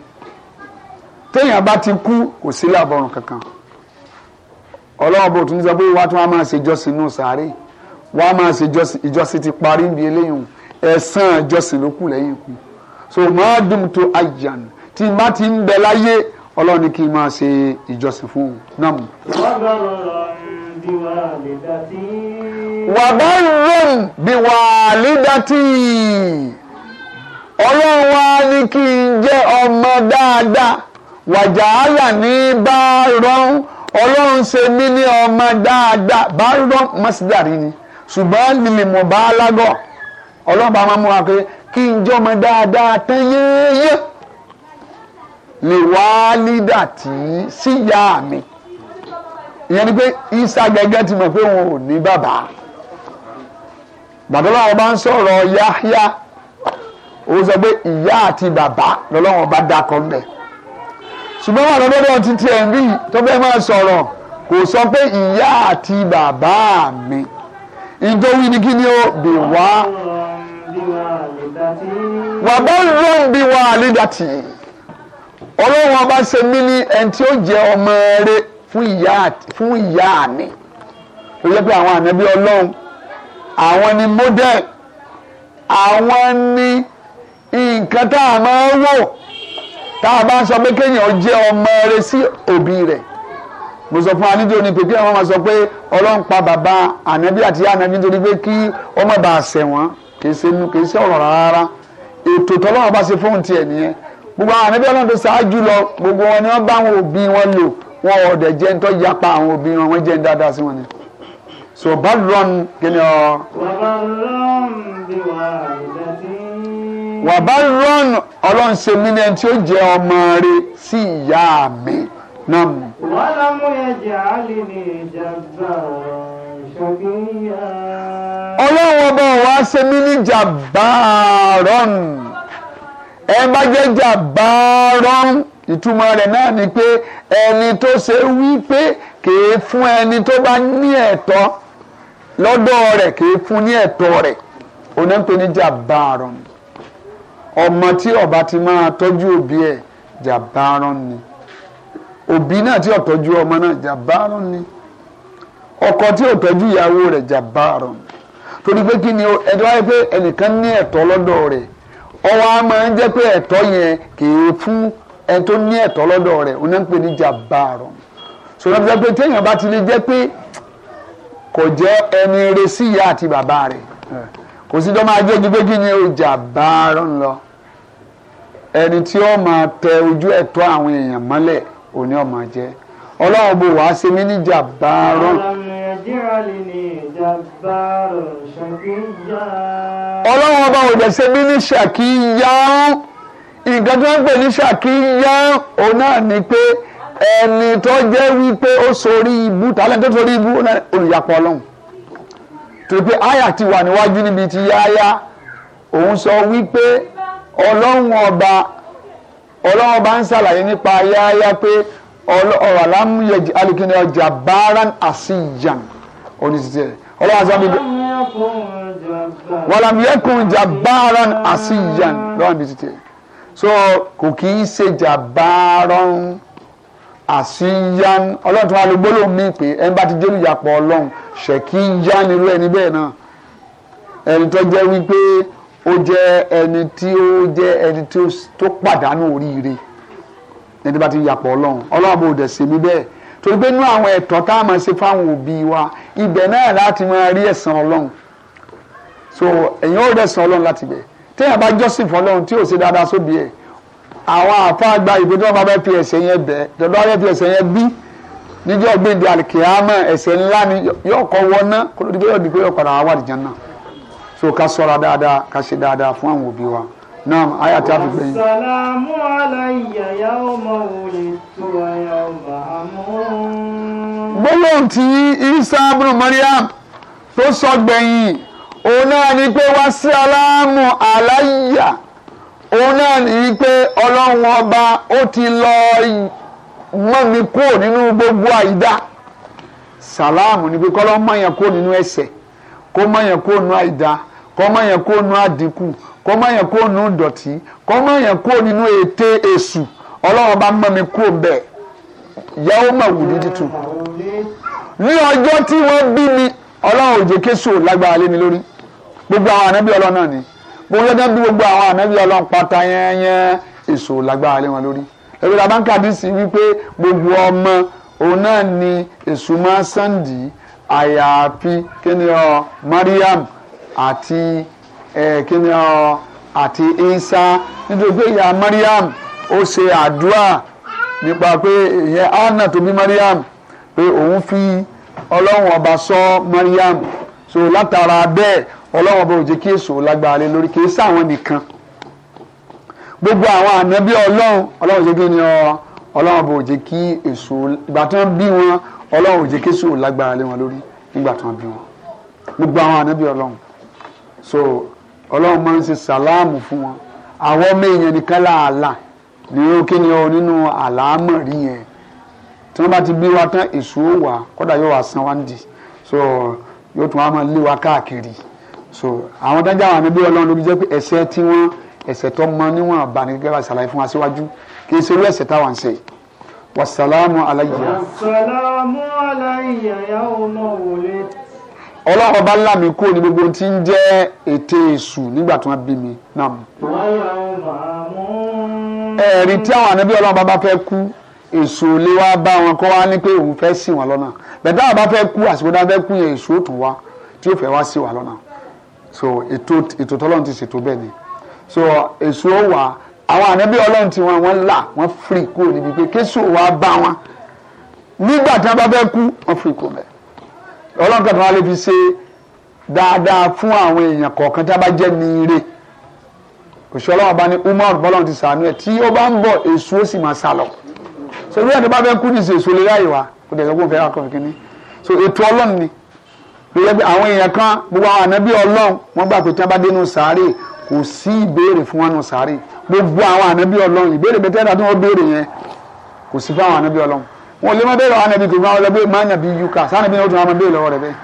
téèyàn bá ti kú kò sí làbọ̀rùn kankan ọlọ́run bò tún ní sọ pé wàá tún wá máa ṣe ìjọsìn inú sàárè wàá máa ṣe ìjọsìn ti parí níbi eléyìí ẹ̀sán ìjọsìn ló kù lẹ́yìn ikú so máa dùn tó àyàn tí n bá ti ń bẹ láyé ọlọ́run ní kí n máa ṣe ìjọsìn fún un náà mú. wàbárùn bí wàlídàtì ọlọ́run wa ní kí n jẹ́ ọmọ dáadáa wàjà áyà ní bá rán ọlọ́run ṣe mí ní ọmọ dáadáa bá rán mọ́sídàrí ni ṣùgbọ́n nílì mọ̀ bá lágọ̀ ọlọ́run bá máa mú wa pé kí n jẹ́ ọmọ dáadáa tán yéèyé lè wálídà tí síyá mi ìyẹn ni pé isa gẹ́gẹ́ ti mọ̀ pé òun ò ní bàbá bàbá lọ́wọ́ bá ń sọ̀rọ̀ yáyá ó sọ pé ìyá àti bàbá lọ́wọ́ bá dákọ̀ ńlẹ̀ ṣùgbọ́n wà lọ́dọ̀ ti tiẹ̀ ń rí tó fẹ́ máa sọ̀rọ̀ kò sọ pé ìyá àti bàbá mi nítorí ni kí ni ó bè wá wà bá ń rán bí wà á lé dàtì ọlọ́run ọba ṣe mí ní ẹni tí ó jẹ́ ọmọ rẹ fún ìyá fún ìyá mi ó yẹ pé àwọn ànábí ọlọ́run àwọn ni model àwọn ni nǹkan tá a máa ń wò tá a bá ń sọ pé kéèyàn jẹ́ ọmọ rẹ sí òbí rẹ̀ mo sọ fún anídìí òní pé àwọn máa sọ pé ọlọ́run pa bàbá ànábí àti ànábí nítorí pé kí ọmọ bá a ṣẹ̀wọ̀n kì í ṣe ọ̀rọ̀ rárá ètò tọ́lọ́run bá ṣe fóun tiẹ̀ nìyẹn gbogbo àwọn ànábì Ọlọ́run tó ṣáájú lọ gbogbo wọn ni wọ́n bá àwọn òbí wọn lò wọn ò dẹ̀ jẹ́ nítorí yapa àwọn òbí wọn wọ́n jẹ́ ní dáadáa sí wọn ni. so bá lọ́n kíni ọ. wà bá lọ́n Ọlọ́run ṣe mí ní ẹni tí ó jẹ́ ọmọ rẹ sí ìyá mi náà. wọ́n lámú ẹ̀jẹ̀ àlè ní ìjà gbà ọlọ́run ọba wa ṣe mí ní jàbáàrọ́n ẹ bá jẹ́ jàbárọ́n ìtumọ̀ rẹ̀ náà ni pé ẹni tó ṣe wí pé kèé fún ẹni tó bá ní ẹ̀tọ́ lọ́dọ̀ rẹ̀ kèé fún ní ẹ̀tọ́ rẹ̀ òun ń pè ní jàbárọ́n ọmọ tí ọba ti máa tọ́jú òbí ẹ̀ jàbárọ́n ni òbí náà tí ò tọ́jú ọmọ náà jàbárọ́n ni ọkọ tí ò ìyàwó rẹ̀ jàbárọ́n torí pé kí ni ẹni wáyé pé ẹnìkan ní ẹ̀tọ́ lọ́dọ̀ rẹ̀ ọwọ́ a máa ń jẹ́ pé ẹ̀tọ́ yẹn kìí fún ẹni tó ní ẹ̀tọ́ lọ́dọ̀ rẹ̀ ó náà ń pè ní jàbàrọ̀ sọ̀rọ̀ jẹ́ pé téèyàn bá ti lè jẹ́ pé kò jẹ́ ẹni rẹ sí ìyá àti bàbá rẹ̀ kò sí tó máa jẹ́ ju pé kí ni o jàbàrọ̀ ń ẹni tí ó máa tẹ ojú ẹ̀tọ́ àwọn èèyàn mọ́lẹ̀ òní ó jẹ́ ọlọ́run bò wá ṣe mí ní jàbàrọ̀ ọlọ́run ọba ò jẹ́sẹ̀ bí ní ṣàkíyá nǹkan tí wọ́n pè ní ṣàkíyá òun náà ni pé ẹni tó jẹ́ wípé ó sorí ibú tálẹ́ tó sorí ibú olùyàpọ̀ ọlọ́run torí pé àyà ti wà níwájú níbi tí yáyá òun sọ wípé ọlọ́run ọba ọlọ́run ọba ń ṣàlàyé nípa yáyá pé ọ̀rọ̀ alámúyẹ alikini ọjà báárán àṣìyàn oníṣiṣẹ́ ọlọ́run àti àmì. wàlámúyẹ kùn jà báárán àṣìyàn lọ́wọ́n mi títẹ̀ so kò kì í ṣe jà báárán àṣìyàn ọlọ́run tí wọ́n á lo gbólóhùn mi pé ẹni bá ti jẹ́ olùyàpọ̀ ọlọ́run ṣèkí yán irú ẹni bẹ́ẹ̀ náà ẹni tó jẹ́ wípé ó jẹ́ ẹni tí ó jẹ́ ẹni tó pàdánù oríire ẹni bá ti yàpọ̀ ọlọ́run ọlọ́run bò dẹ̀ sèmi bẹ́ẹ̀ torí pé inú àwọn ẹ̀tọ́ tá a máa ṣe fáwọn òbí wa ibẹ̀ náà láti máa rí ẹ̀san ọlọ́run so ẹ̀yin ó rẹ̀ san ọlọ́run láti bẹ̀ téèyàn bá jọ́sìn fún ọlọ́run tí ò ṣe dáadáa sóbì ẹ̀ àwọn àfáà gba ìbò tí wọ́n bá fẹ́ fi ẹ̀ṣẹ̀ yẹn bẹ̀ tọ́lá fẹ́ fi ẹ̀ṣẹ̀ yẹn bí níjọ́ gbèǹde àlìkèámọ̀ ẹ̀ṣẹ̀ ńlá so ká ṣọ́ra dáadáa ká ṣe dáadáa naam aya tí a fi gbẹ̀yìn. sàlámù aláyà yàwó ma wòlé tó ayà ọba àmọ́ràn. gbólóhùn tí isa abúlé mariam tó sọ gbẹ̀yìn òun náà ni pé wá sàlámù aláyà òun náà ni pé ọlọ́run ọba ó ti lọ mọ́ mi kúrò nínú gbogbo àìdá sàlámù ni pé kọ́lọ́ mọ̀ yẹn kúrò nínú ẹ̀ṣẹ̀ kó mọ̀ yẹn kúrò nínú àìdá kọ́mọ yẹn kó nu àdínkù kọ́mọ yẹn kó nu dọ̀tí kọ́mọ yẹn kó nínú ète èṣù ọlọ́run bá mọ́ mi kó bẹ́ẹ̀ yàwó mà wù ní títù ní ọjọ́ tí wọ́n bí mi ọlọ́run òjò kéṣù lágbára lé mi lórí gbogbo àwọn ànábì ọlọ́run náà ni gbogbo ọjọ́ bí gbogbo àwọn ànábì ọlọ́run pátá yẹn yẹn èṣù lágbára lé wọn lórí ẹgbẹ́ la bá ń kàdí sí wípé gbogbo ọmọ òun náà ni èṣù máa ń sàǹdì àyàfi kí ni ọ Mariam àti kíni ọ àti Isa nítorí pé ìyá Mariam ó ṣe àdúrà nípa pé ìyẹn Anna tó bí Mariam pé òun fi ọlọ́run ọba sọ Mariam so látara bẹ́ẹ̀ ọlọ́run ọba ò jẹ́ kí èso lágbára lé lórí kì í sáwọn nìkan gbogbo àwọn ànábí ọlọ́run ọlọ́run jẹ́ kí ni ọ ọlọ́run bò jẹ́ kí ìgbà tí wọ́n bí wọn ọlọ́run ò jẹ́ kí wọn lórí nígbà tí wọ́n bí wọn gbogbo àwọn ànábí ọlọ́run so ọlọ́run máa ń ṣe sàlámù fún wọn àwọn ọmọ èèyàn nìkan láàlà ní ó kí ni ọ nínú àlámọ̀rí yẹn tí wọ́n bá ti bí wa tán èṣù wà kọ́dà yóò wá san wá ń dì so yóò tún wá máa lé wa káàkiri so àwọn dájà wà níbí ọlọ́run ló fi jẹ́ pé ẹ̀ṣẹ̀ tí wọ́n ẹ̀ṣẹ̀ tó mọ níwọ̀n bá ní gẹ́gẹ́ bá ṣàlàyé fún wa síwájú kì í ṣe irú ẹ̀ṣẹ̀ táwọn ń ṣe wasalaamu alayya. wasalaamu alayya yawma wulid ọlọ́run bá là mí kú ní gbogbo tí ń jẹ́ ète èṣù nígbà tí wọ́n bí mi náà. ẹ̀rí tí àwọn ànábí ọlọ́run bá bá fẹ́ kú èṣù lè wá bá wọn kọ́ wá ní pé òun fẹ́ ṣì wọ́n lọ́nà bẹ̀tẹ́ àwọn bá fẹ́ kú àsìkò náà fẹ́ kú yẹn èṣù ó tún wá tí ó fẹ́ wá ṣì wọ́n lọ́nà so ètò ètò tọ́lọ́run ti ṣètò bẹ́ẹ̀ ni so èṣù ó wà àwọn ànábí ọlọ́run tí wọn wọ́n là wọ́n fìrì kúrò níbi pé kéṣù wá bá wọn nígbà tí wọ́n bá fẹ́ kú wọ́n fìrì kúrò mẹ́ẹ̀ ọlọ́run kan tó wá lè fi ṣe dáadáa fún àwọn èèyàn kọ̀ọ̀kan tí a bá jẹ́ ní ire òṣìṣẹ́ ọlọ́run bá ní umar bọ́lọ́run ti sàánú ẹ̀ tí ó bá ń bọ̀ èso ó sì máa sá lọ so ìwé ẹ̀ tó bá fẹ́ kú ní ìṣe èso lè ráyè wá kò tẹ̀sán kó fẹ́ wá kọ́ kínní so ètò ọlọ́run ni lóye pé àwọn èèyàn kan gbogbo àwọn ànábì ọlọ́run wọ́n gbà pé tí wọ́n bá dé nù sàárè kò sí ìbéèrè fún wọn nù sàárè gbogbo àwọn ànábì ọlọ́run ìbéèrè bẹ́tẹ́ dàtún wọn béèrè yẹn kò sí fún àwọn ànábì ọlọ́run wọn lè má bẹ́ẹ̀ lọ́wọ́ ànábì gbogbo àwọn ọlọ́gbẹ́ máa nàbí yuka sànàbí náà ó tún wọn máa bẹ́ẹ̀ lọ́wọ́ rẹ bẹ́ẹ̀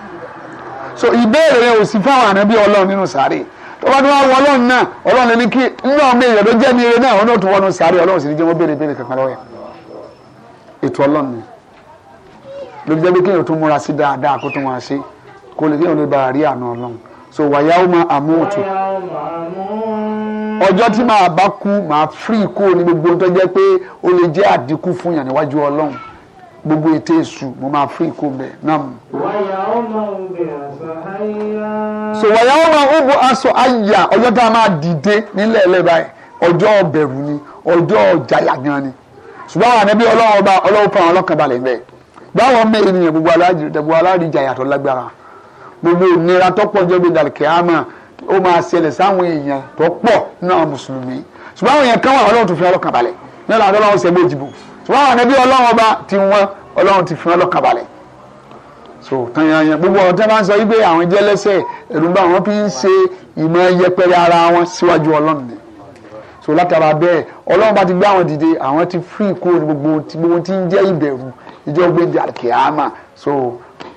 so ìbéèrè rẹ ò sí fáwọn ànábì ọlọ́run nínú sáré tó bá tó wá wọ ọlọ́run náà ọlọ́run lè ní kí nínú àwọn béèrè tó jẹ́ ní eré náà ọlọ́run tó wọnú sáré ọlọ́run sì ní jẹ́ wọ́n béèrè béèrè kankan lọ́wọ́ ètò ọlọ́run ni ló jẹ́ pé kéèyàn tó múra sí dáadáa kó tó máa ṣe kó lè kéèyàn lè bá a rí àánú ọlọ́run so wàyà ó máa àmú òtún ọjọ́ tí màá bá kú màá fírì kúrò ní gbogbo tó jẹ́ pé ó lè jẹ́ àdínkù fún yàn níwájú ọlọ́run gbogbo ètè èṣù mo máa fún ìkó bẹ̀ náà. wàyà ọmọ òbí aṣọ àyà. ọjọ́ tá a máa dìde nílẹ̀ ẹlẹ́ba ẹ̀ ọjọ́ ọbẹ̀rù ni ọjọ́ ọjàyà gan ni ṣùgbọ́n àwọn ànábí ọlọ́wọ́ bá ọlọ́wọ́ pa àwọn balẹ̀ bẹ́ẹ̀ báwọn ènìyàn gbogbo gbogbo ìnira tó pọ̀ jẹ́ bí dàlùkẹ́ àmà ó máa ṣẹlẹ̀ sáwọn èèyàn tó fi balẹ̀ ṣùgbọ́n àwọn ẹbí ọlọ́run ọba ti wọn ọlọ́run ti fi wọn lọ́kàn so tanyanyan gbogbo ọ̀tá máa ń sọ wípé àwọn jẹ́lẹ́sẹ̀ ẹ̀rù bá wọn fi ń ṣe ìmọ̀ yẹpẹrẹ ara wọn síwájú ọlọ́run ni so látara bẹ́ẹ̀ ọlọ́run bá ti gbé àwọn dìde àwọn ti free kúrò gbogbo gbogbo ti ń jẹ́ ìbẹ̀rù ìjọ gbẹ̀dẹ̀ àkèámà so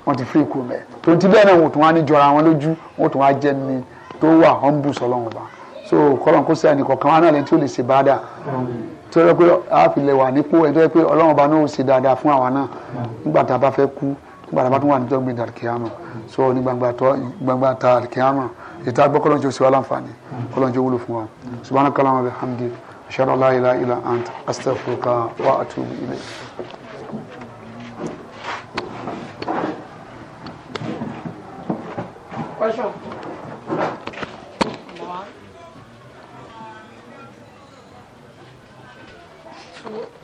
wọ́n ti free kúrò mẹ́ẹ̀ tó ti bẹ́ẹ̀ náà wọ́n tún wá ní jọra wọn lójú wọ́n tún wá jẹ́ ní tó wà humble sọlọ́run ọba so kọ́lọ́n kó sẹ́yìn kọ̀ọ̀kan wá náà lẹ́yìn tí ó lè ṣe bá dà tó yẹ pé a fi lè wà nípò ẹ̀ tó yẹ pé ọlọ́run ọba náà ṣe dáadáa fún àwa náà nígbà tá a bá fẹ́ kú nígbà tá a bá tún wà níjọ́ gbé dàríkìámà so ní gbangba ta àríkìámà ìta gbọ́ kọ́lọ́njì ó ṣe wá láǹfààní kọ́lọ́njì ó wúlò fún wa subhanahu wa ta'ala wa bihamdi ashhadu an la ilaha illa anta astaghfiruka wa atubu ilayk question. 뭐?